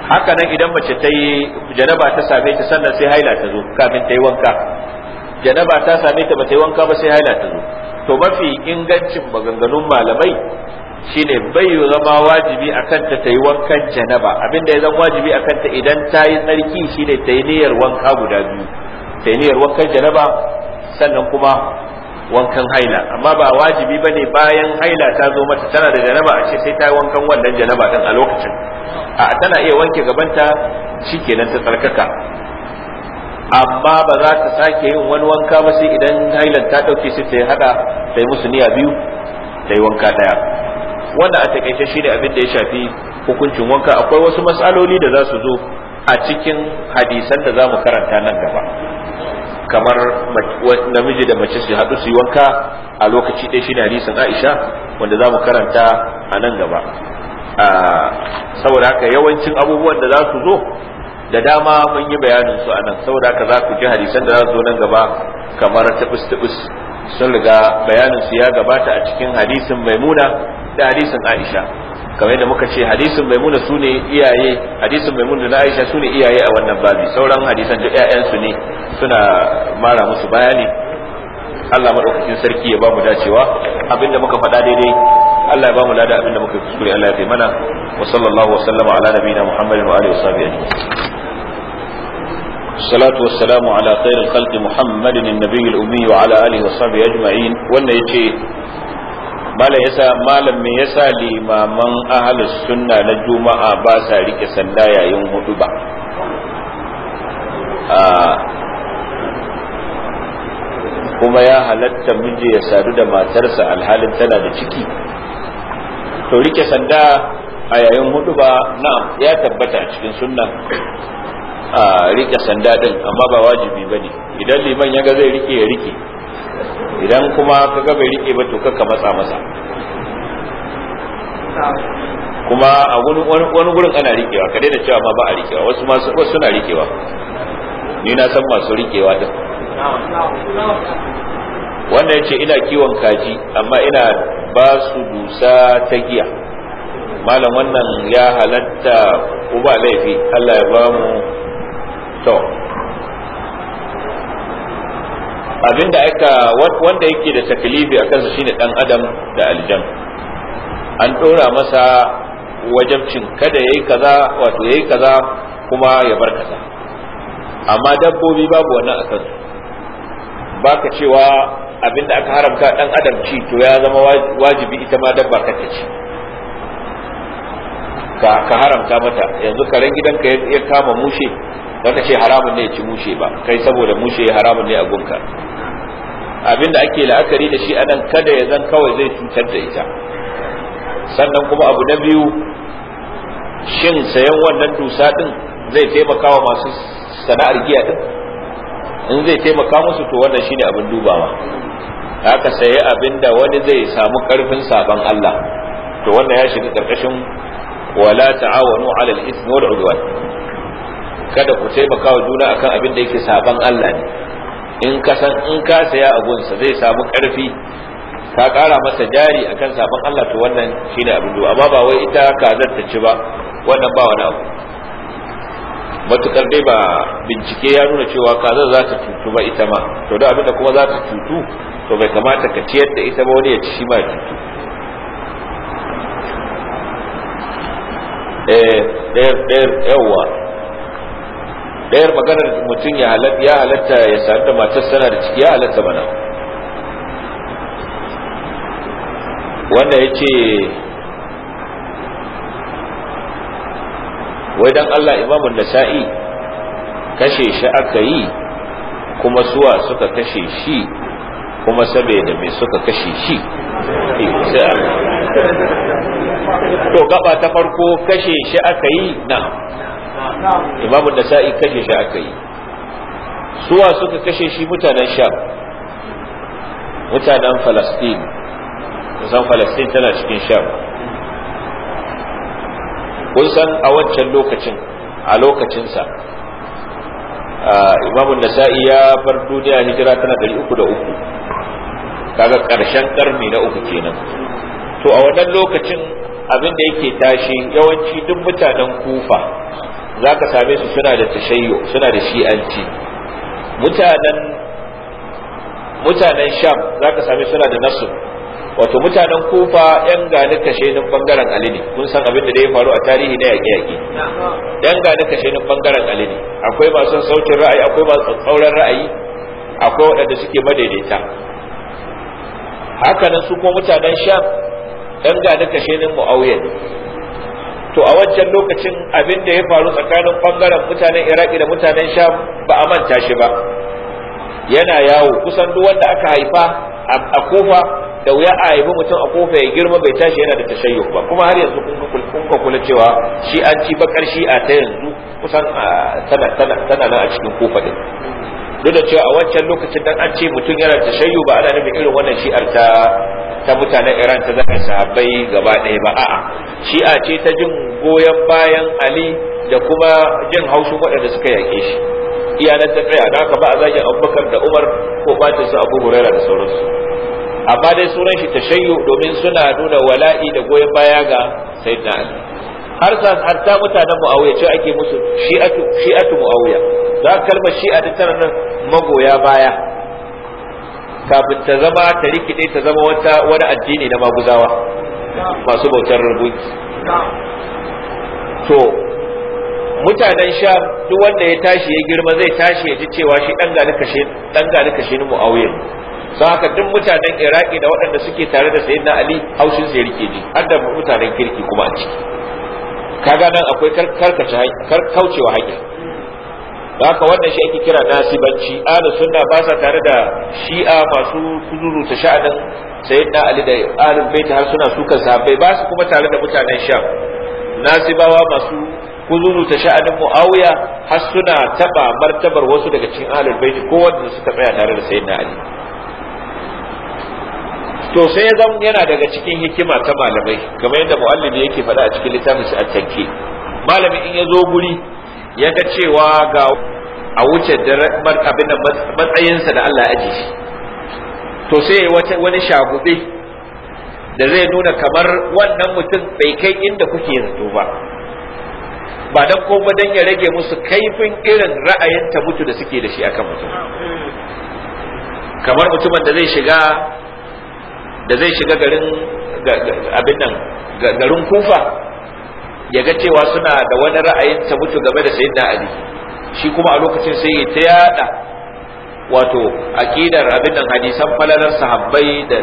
haka nan idan mace ta yi janaba ta same ta sannan sai haila ta zo kafin ta yi wanka janaba ta same ta ba ta yi wanka ba sai haila ta zo to mafi ingancin maganganun malamai shine bai zama wajibi a kanta ta yi wankan janaba abinda ya zama wajibi a kanta idan ta yi tsarki shine ta yi niyyar wanka guda biyu ta yi niyyar wankan janaba sannan kuma wankan haila amma ba wajibi ba ne bayan haila ta zo mata tana da janaba a ce sai ta yi wankan wannan janaba ɗin a lokacin a tana iya wanke gabanta shikenan ta tsarkaka amma ba za ta sake yin wani wanka ba sai idan hailar ta ɗauke sai ta yi haɗa ta yi musu niyya biyu ta yi wanka ɗaya wanda a takaice shine abin da ya shafi hukuncin wanka akwai wasu matsaloli da za su zo a cikin hadisan da za mu karanta nan gaba kamar namiji da mace su haɗu su yi wanka a lokaci ɗaya shine hadisan Aisha wanda za mu karanta a nan gaba saboda haka yawancin abubuwan da za su zo da dama mun yi bayanin su a nan. saboda haka za ku ji hadisan da za su zo nan gaba kamar tabus tabus sun riga bayanin su ya gabata a cikin hadisin maimuna da hadisin aisha kamar yadda muka ce hadisin maimuna su ne iyaye hadisin maimuna da aisha su ne iyaye a wannan babi sauran hadisan da 'ya'yansu ne suna mara musu bayani Allah maɗaukakin sarki ya bamu dacewa abinda muka faɗa daidai Allah ya bamu lada abinda muka kuskure Allah ya kai mana wa sallallahu wa sallama ala nabiyina Muhammadin wa alihi wa sahbihi الصلاة والسلام على خير الخلق محمد النبي الأمي وعلى آله وصحبه أجمعين وانا يتي مالا يسا مالا من يسا لما من أهل السنة نجوم آباسا لك سندايا يوم هدوبا kuma ya halatta miji ya sadu da matarsa alhalin tana da ciki to rike sanda a yayin hudu ba na ya tabbata cikin sunna a rike sanda din amma ba wajibi bane idan liman ya ga zai rike ya rike idan kuma ka ga bai rike ba to ka matsa masa kuma a wani gurin ana rikewa ka daina cewa ma ba a rikewa wasu masu wasu suna rikewa ni na san masu rikewa din wannan yace ina kiwon kaji amma ina ba su dusa ta giya malam wannan ya halatta ko ba laifi Allah ya ba mu to abinda aka wanda yake da taklifi a kansa shine dan adam da aljan an dora masa wajabcin kada yayi kaza wato yayi kaza kuma ya bar amma dabbobi babu wannan a kansu baka cewa abinda aka haramta dan adam ci to ya zama wajibi ita ma dabba ka ta ci ka haramta mata yanzu karen gidanka ya kama mushe baka ce haramun ne ya ci mushe ba kai saboda mushe haramun ne a gunka abinda ake la'akari da shi anan kada ya zan kawai zai cutar da ita sannan kuma abu na biyu shin sayan wannan dusa din zai taimaka wa masu sana'ar giya din in zai taimaka musu to wannan shine abin dubawa haka saye abinda wani zai samu karfin saban Allah to wannan ya shiga karkashin wala ta'awanu 'alal ismi wal 'udwan kada ku taimaka wa juna akan abin da yake saban Allah ne in ka san in ka saya abunsa zai samu karfi ka kara masa jari akan saban Allah to wannan shine abin da amma ba wai ita kazar ta ci ba wannan ba wani abu matukar dai ba bincike ya nuna cewa kazar za ta cutu ba ita ma to da abin da kuma za ta cutu to bai kamata ka ciyar da ita ba wani ya ci shi ma cutu eh, eh, eh yawa ɗayar maganar mutum ya halatta ya sami da matar sana da ciki ya halatta mana wanda ya ce wai don Allah imamun sa'i kashe shi aka yi kuma suwa suka kashe shi kuma saboda me suka kashe shi to gaba ta farko kashe shi aka yi na imamu sa'i kashe shi aka yi suwa suka kashe shi mutanen sham mutanen falastin kusan falastin tana cikin sham kun san a wancan lokacin a lokacinsa imamun nasa'i ya bar duniya hijira tana ɗari uku da uku kaga ƙarshen ƙarni na uku kenan to a wannan lokacin abin da yake tashi yawanci duk mutanen kufa za ka same su suna da tashayyo suna da shi'anci mutanen mutanen sham za ka same suna da nasu wato mutanen kufa yan gani kashenin bangaren ali ne kun san abin da ya faru a tarihi na yaƙi yaƙi yan gani kashenin bangaren ali ne akwai masu saukin ra'ayi akwai masu tsauran ra'ayi akwai waɗanda suke madaidaita haka nan su kuma mutanen sham yan gani kashenin mu'awiya mu'awiyar to a wancan lokacin abin da ya faru tsakanin bangaren mutanen iraki da mutanen sham ba a manta shi ba yana yawo kusan duk wanda aka haifa a kofa da wuya a haifi mutum a kofa ya girma bai tashi yana da tashayyu ba kuma har yanzu kun kula cewa shi an ci bakar shi a ta yanzu kusan tana nan a cikin kofa din duk da cewa a wancan lokacin dan an ce mutum yana tashayyu ba ana nufin irin wannan shi'ar ta ta mutanen Iran ta zaka sahabbai gaba ɗaya ba a'a shi'a ce ta jin goyon bayan Ali da kuma jin haushin waɗanda suka yaƙe shi iyalan ta tsaya da haka ba a zagin Abubakar da Umar ko bacin su Abu Huraira da sauransu amma dai sunan shi shayyo domin suna nuna wala'i da goyon baya ga Sayyidina Ali har sa har ta mutanen Muawiya ce ake musu shi'atu shi'atu Muawiya za kalmar shi'a ta tana magoya baya kafin ta zama ta rikide ta zama wata wani addini na maguzawa masu bautar rubuki to mutanen sha duk wanda ya tashi ya girma zai tashi ya ji cewa shi dan gani kashe dan gani kashe ni muawiya sai haka duk mutanen iraki da waɗanda suke tare da sayyidina ali haushin sai rike ji har da mutanen kirki kuma a ciki kaga nan akwai karkace kaucewa hanya haka wannan shi ake kira nasibanci ahlu sunna ba sa tare da shi'a masu kuzuru ta sha'anin sayyidina ali da ahlul bait har suna sukan sahabbai ba su kuma tare da mutanen sham nasibawa masu kuzuru ta sha'anin muawiya har suna taba martabar wasu daga cikin ahlul bait ko wanda suka tsaya tare da sayyidina ali to sai ya zama yana daga cikin hikima ta malamai kamar yadda muallimi yake faɗa a cikin littafin sa at malami in ya zo guri ya ga cewa ga a wuce abin da matsayinsa da Allah ya shi to sai wani shagube da zai nuna kamar wannan mutum bai kai inda kuke zato ba ba dan ko ba dan ya rage musu kaifin irin ra'ayin ta mutu da suke da shi akan mutum kamar mutumin da zai shiga da zai shiga garin abin nan garin kufa ya ga cewa suna da wani ra'ayin ta mutu game da sayyidina ali shi kuma a lokacin sai ya ta yada wato aqidar abin nan hadisan falalar sahabbai da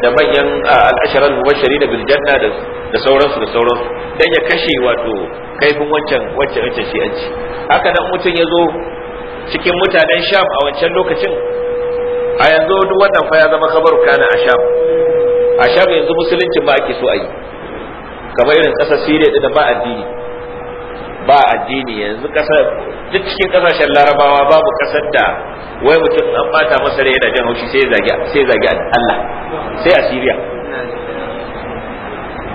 da manyan al-asharal da bil janna da sauransu da sauransu dan ya kashe wato kaifin wancan wancan wancan shi'anci haka nan mutun yazo cikin mutanen sham a wancan lokacin a yanzu duk wannan fa ya zama kabaru kana a sham a sham yanzu musulunci ba ake so a yi kamar irin ƙasar Siriya da ba addini ba addini yanzu ƙasar duk cikin ƙasashen Larabawa babu ƙasar da wai mutum an bata masa rai da jan haushi sai zagi sai zagi Allah sai a Siriya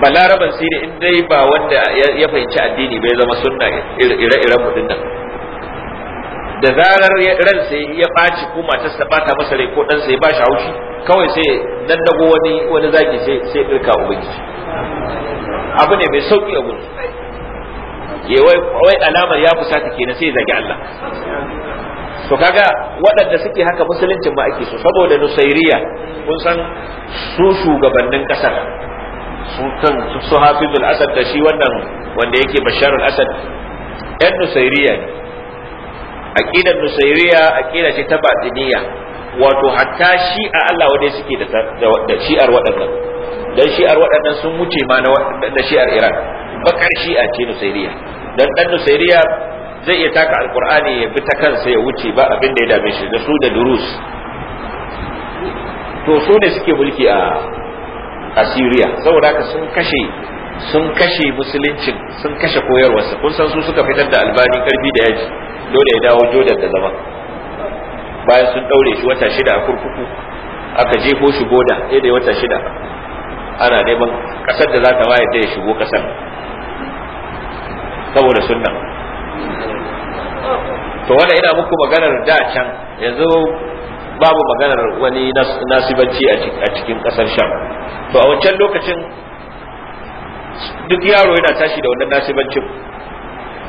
balaraban Siriya in dai ba wanda ya fahimci addini bai zama sunna ire-iren mutum nan da zarar sai ya ɓaci ko matarsa ɓata masa rai ko ɗansa ya shi haushi kawai sai dan dago wani wani zaki sai sai dirka ubangiji abu ne mai sauki a gudu ke wai alamar ya fusata kenan sai zagi Allah to kaga waɗanda suke haka musuluncin ba ake so saboda nusairiya kun san su shugabannin ƙasar su kan su hafizul asad da shi wannan wanda yake basharul asad yan nusairiya ne aqidar nusairiya aqida ce ta batiniya wato hatta shi'a Allah wadai suke da da shi'ar waɗannan dan shi'ar waɗannan sun wuce ma na da shi'ar Iran bakar shi'a ce nusayriya dan dan nusairiya zai iya taka alqur'ani ya bi ta kansa ya wuce ba abin da ya dame shi da su da durus to su ne suke mulki a Asiriya saboda haka sun kashe sun kashe musuluncin sun kashe koyarwarsa kun san su suka fitar da albani karfi da yaji dole ya dawo jodan da zama bayan sun daure shi wata shida a kurkuku aka jefo shi goda sai da wata shida ana neman kasar da za ta waye da ya shigo kasar saboda sunna to wannan ina muku maganar da can yanzu babu maganar wani nasibanci a cikin kasar sham to a wancan lokacin duk yaro yana tashi da wannan nasibancin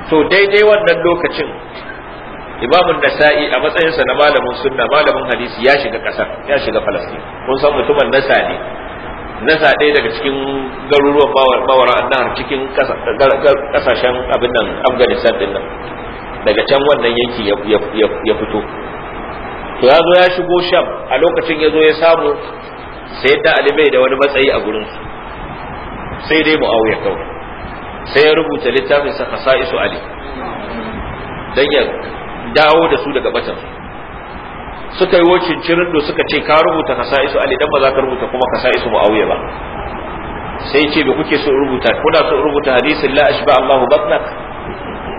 to daidai wannan lokacin imamun nasa'i a matsayinsa na malamin sunna malamin hadisi ya shiga kasar ya shiga falastin kun san mutumin nasa ne nasa ɗaya daga cikin garuruwan bawara annar cikin kasashen abin nan afghanistan din nan daga can wannan yanki ya fito to ya zo ya shigo sham a lokacin ya zo ya samu sai da alibai da wani matsayi a gurinsu sai dai muawiya kawai sai ya rubuta littafin sa khasaisu ali dan ya dawo da su daga batan suka yi wocin cirindo suka ce ka rubuta khasaisu ali dan ba za ka rubuta kuma khasaisu muawiya ba sai ce da kuke so rubuta kuna so rubuta hadisin la ashba Allahu batnak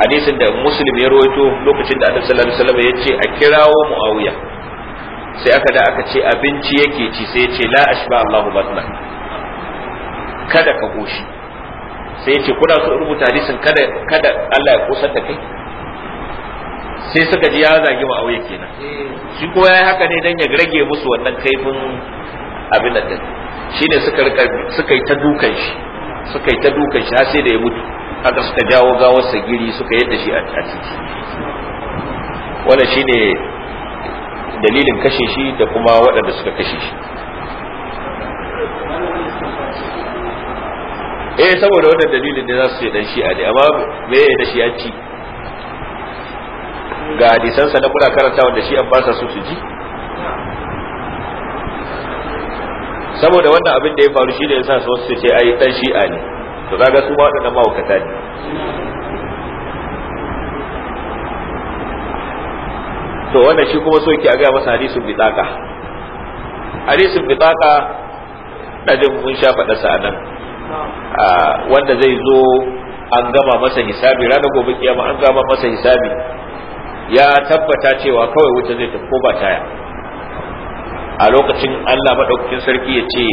hadisin da muslim ya rawaito lokacin da annabi sallallahu alaihi wasallam ya ce a kirawo muawiya sai aka da aka ce abinci yake ci sai ya ce la ashba Allahu batnak kada ka goshi sai ce kuna so rubuta hadisin kada kada Allah ya kusar da kai sai suka ji ya zagi auye kenan shi kuma ya yi haka ne don ya rage musu wannan kaifin abin da shi ne suka yi ta dukan shi suka yi ta dukan shi har sai da ya mutu haka suka jawo sa giri suka yadda shi a titi wannan shi ne dalilin kashe shi da kuma waɗanda suka kashe shi eh saboda wannan dalilin da za su ce dan shi'a ne amma me ya da ci, ga sa na muna karanta wanda shi an basa su su ji saboda wannan abin da ya faru shi ne yasa su su ce ai dan shi'a ne to kaga su ma wadannan mahaukata ne to wannan shi kuma so yake a ga masa hadisin bitaka hadisin bitaka da mun sha faɗa sa'anan Ah, wanda zai zo an gama masa hisabi ranar gobe kiyama an gama masa hisabi ya tabbata cewa kawai wuta zai tafi ko ba taya a lokacin Allah maɗaukakin sarki ya ce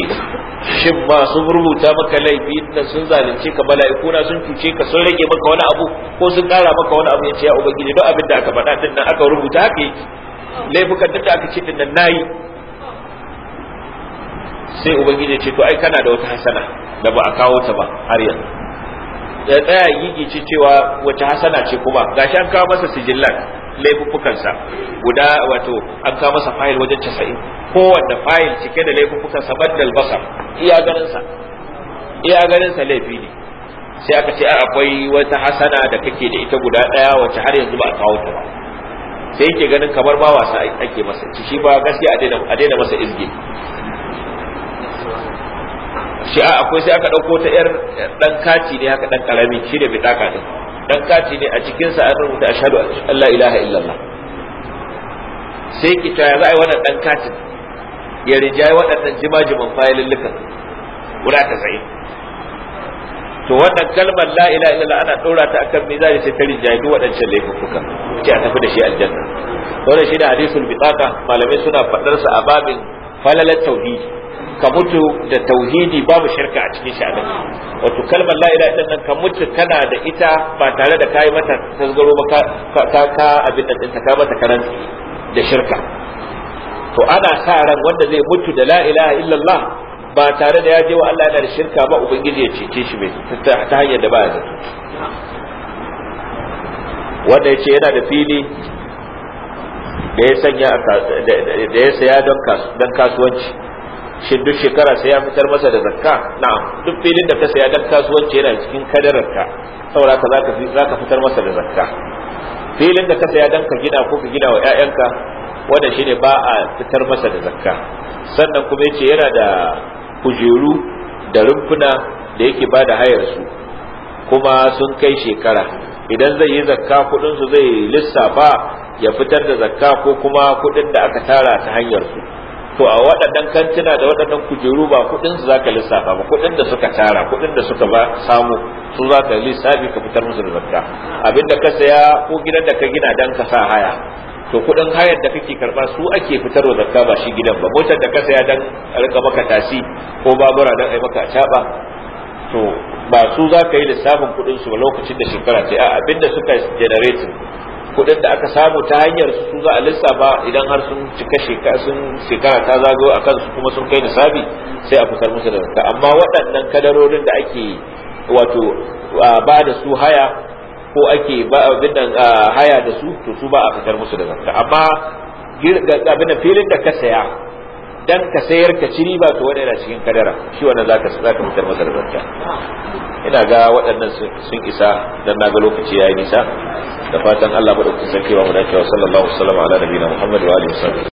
shin ma sun rubuta maka laifi da sun zalunce ka na sun cuce ka sun rage maka wani abu ko sun ƙara maka wani abu ya ce ya ubangiji don abin da aka faɗa din nan aka rubuta haka laifukan duk da aka ce din nan nayi sai ubangiji ce to ai kana da wata hasana da ba a kawo ta ba har yanzu da tsaya yigi ce cewa wata hasana ce kuma gashi an kawo masa sijillan laifuffukansa guda wato an kawo masa fayil wajen casa'in kowanne fayil cike da laifuffukansa baddal basar iya ganinsa iya ganinsa laifi ne sai aka ce akwai wata hasana da kake da ita guda daya wacce har yanzu ba a kawo ta ba sai yake ganin kamar ba wasa ake masa shi ba gaskiya a daina masa izgi shi a akwai sai aka ɗauko ta yar ɗan kati ne haka ɗan ƙarami shi da bitaka ɗin ɗan kati ne a cikinsa an rubuta ashhadu an la ilaha illallah sai ki ta za a yi wannan ɗan katin ya rijaye waɗannan jima-jiman fayilullukan guda ta tsaye to wannan kalmar la ilaha illallah ana dora ta akan mizani sai ta rinjaye duk waɗancan laifuka ce a tafi da shi aljanna wannan shi da hadisul bitaqa malamai suna faɗar sa a babin falalar tauhidi ka mutu da tauhidi babu shirka a cikin shi wato kalmar la ilaha illallah ka mutu kana da ita ba tare da kai mata tasgaro ba ka ka abin da ka mata karan da shirka to ana sa ran wanda zai mutu da la ilaha illallah ba tare da ya je wa Allah yana da shirka ba ubangiji ya cece shi ta hanyar da ba ya zato wanda ya ce yana da fili da ya sanya da ya saya don kasuwanci shin duk shekara sai ya fitar masa da zakka na'am duk filin da ka saya dan kasuwanci yana cikin kadararka saboda ka zaka zaka fitar masa da zakka filin da ka saya dan ka gina ko ka gina wa ƴaƴanka wanda shine ba a fitar masa da zakka sannan kuma yace yana da kujeru da rumfuna da yake ba da hayar su kuma sun kai shekara idan zai yi zakka kudin su zai lissafa ya fitar da zakka ko kuma kudin da aka tara ta hanyar su to a waɗannan kantina da waɗannan kujeru ba kuɗin su zaka lissafa ba kuɗin da suka tara kuɗin da suka ba samu su zaka lissafi ka fitar musu da zakka abinda ka saya ko gidan da ka gina dan ka sa haya to kuɗin hayar da kake karɓa su ake fitarwa zakka ba shi gidan ba motar da ka saya dan a rika maka tasi ko babura dan a yi maka acaɓa to ba su za ka yi lissafin kuɗin su ba lokacin da shekara ta abinda suka generate kudin da aka samu ta hanyar su za a lissafa idan har sun cika shekara sun ta zagayo a kansu kuma sun kai nisabi sai a fitar musu da zakka amma waɗannan kadarorin da ake wato ba da su haya ko ake ba haya da su to su ba a fitar musu da zakka amma abin filin da ka saya dan ka sayar ka ci riba to wadai na cikin kadara shi wannan zaka zaka mutar masa da zakka ina ga waɗannan sun isa dan naga lokaci yayi nisa da fatan Allah da kusa kewa mu da cewa sallallahu alaihi wa sallam ala nabiyina Muhammad wa alihi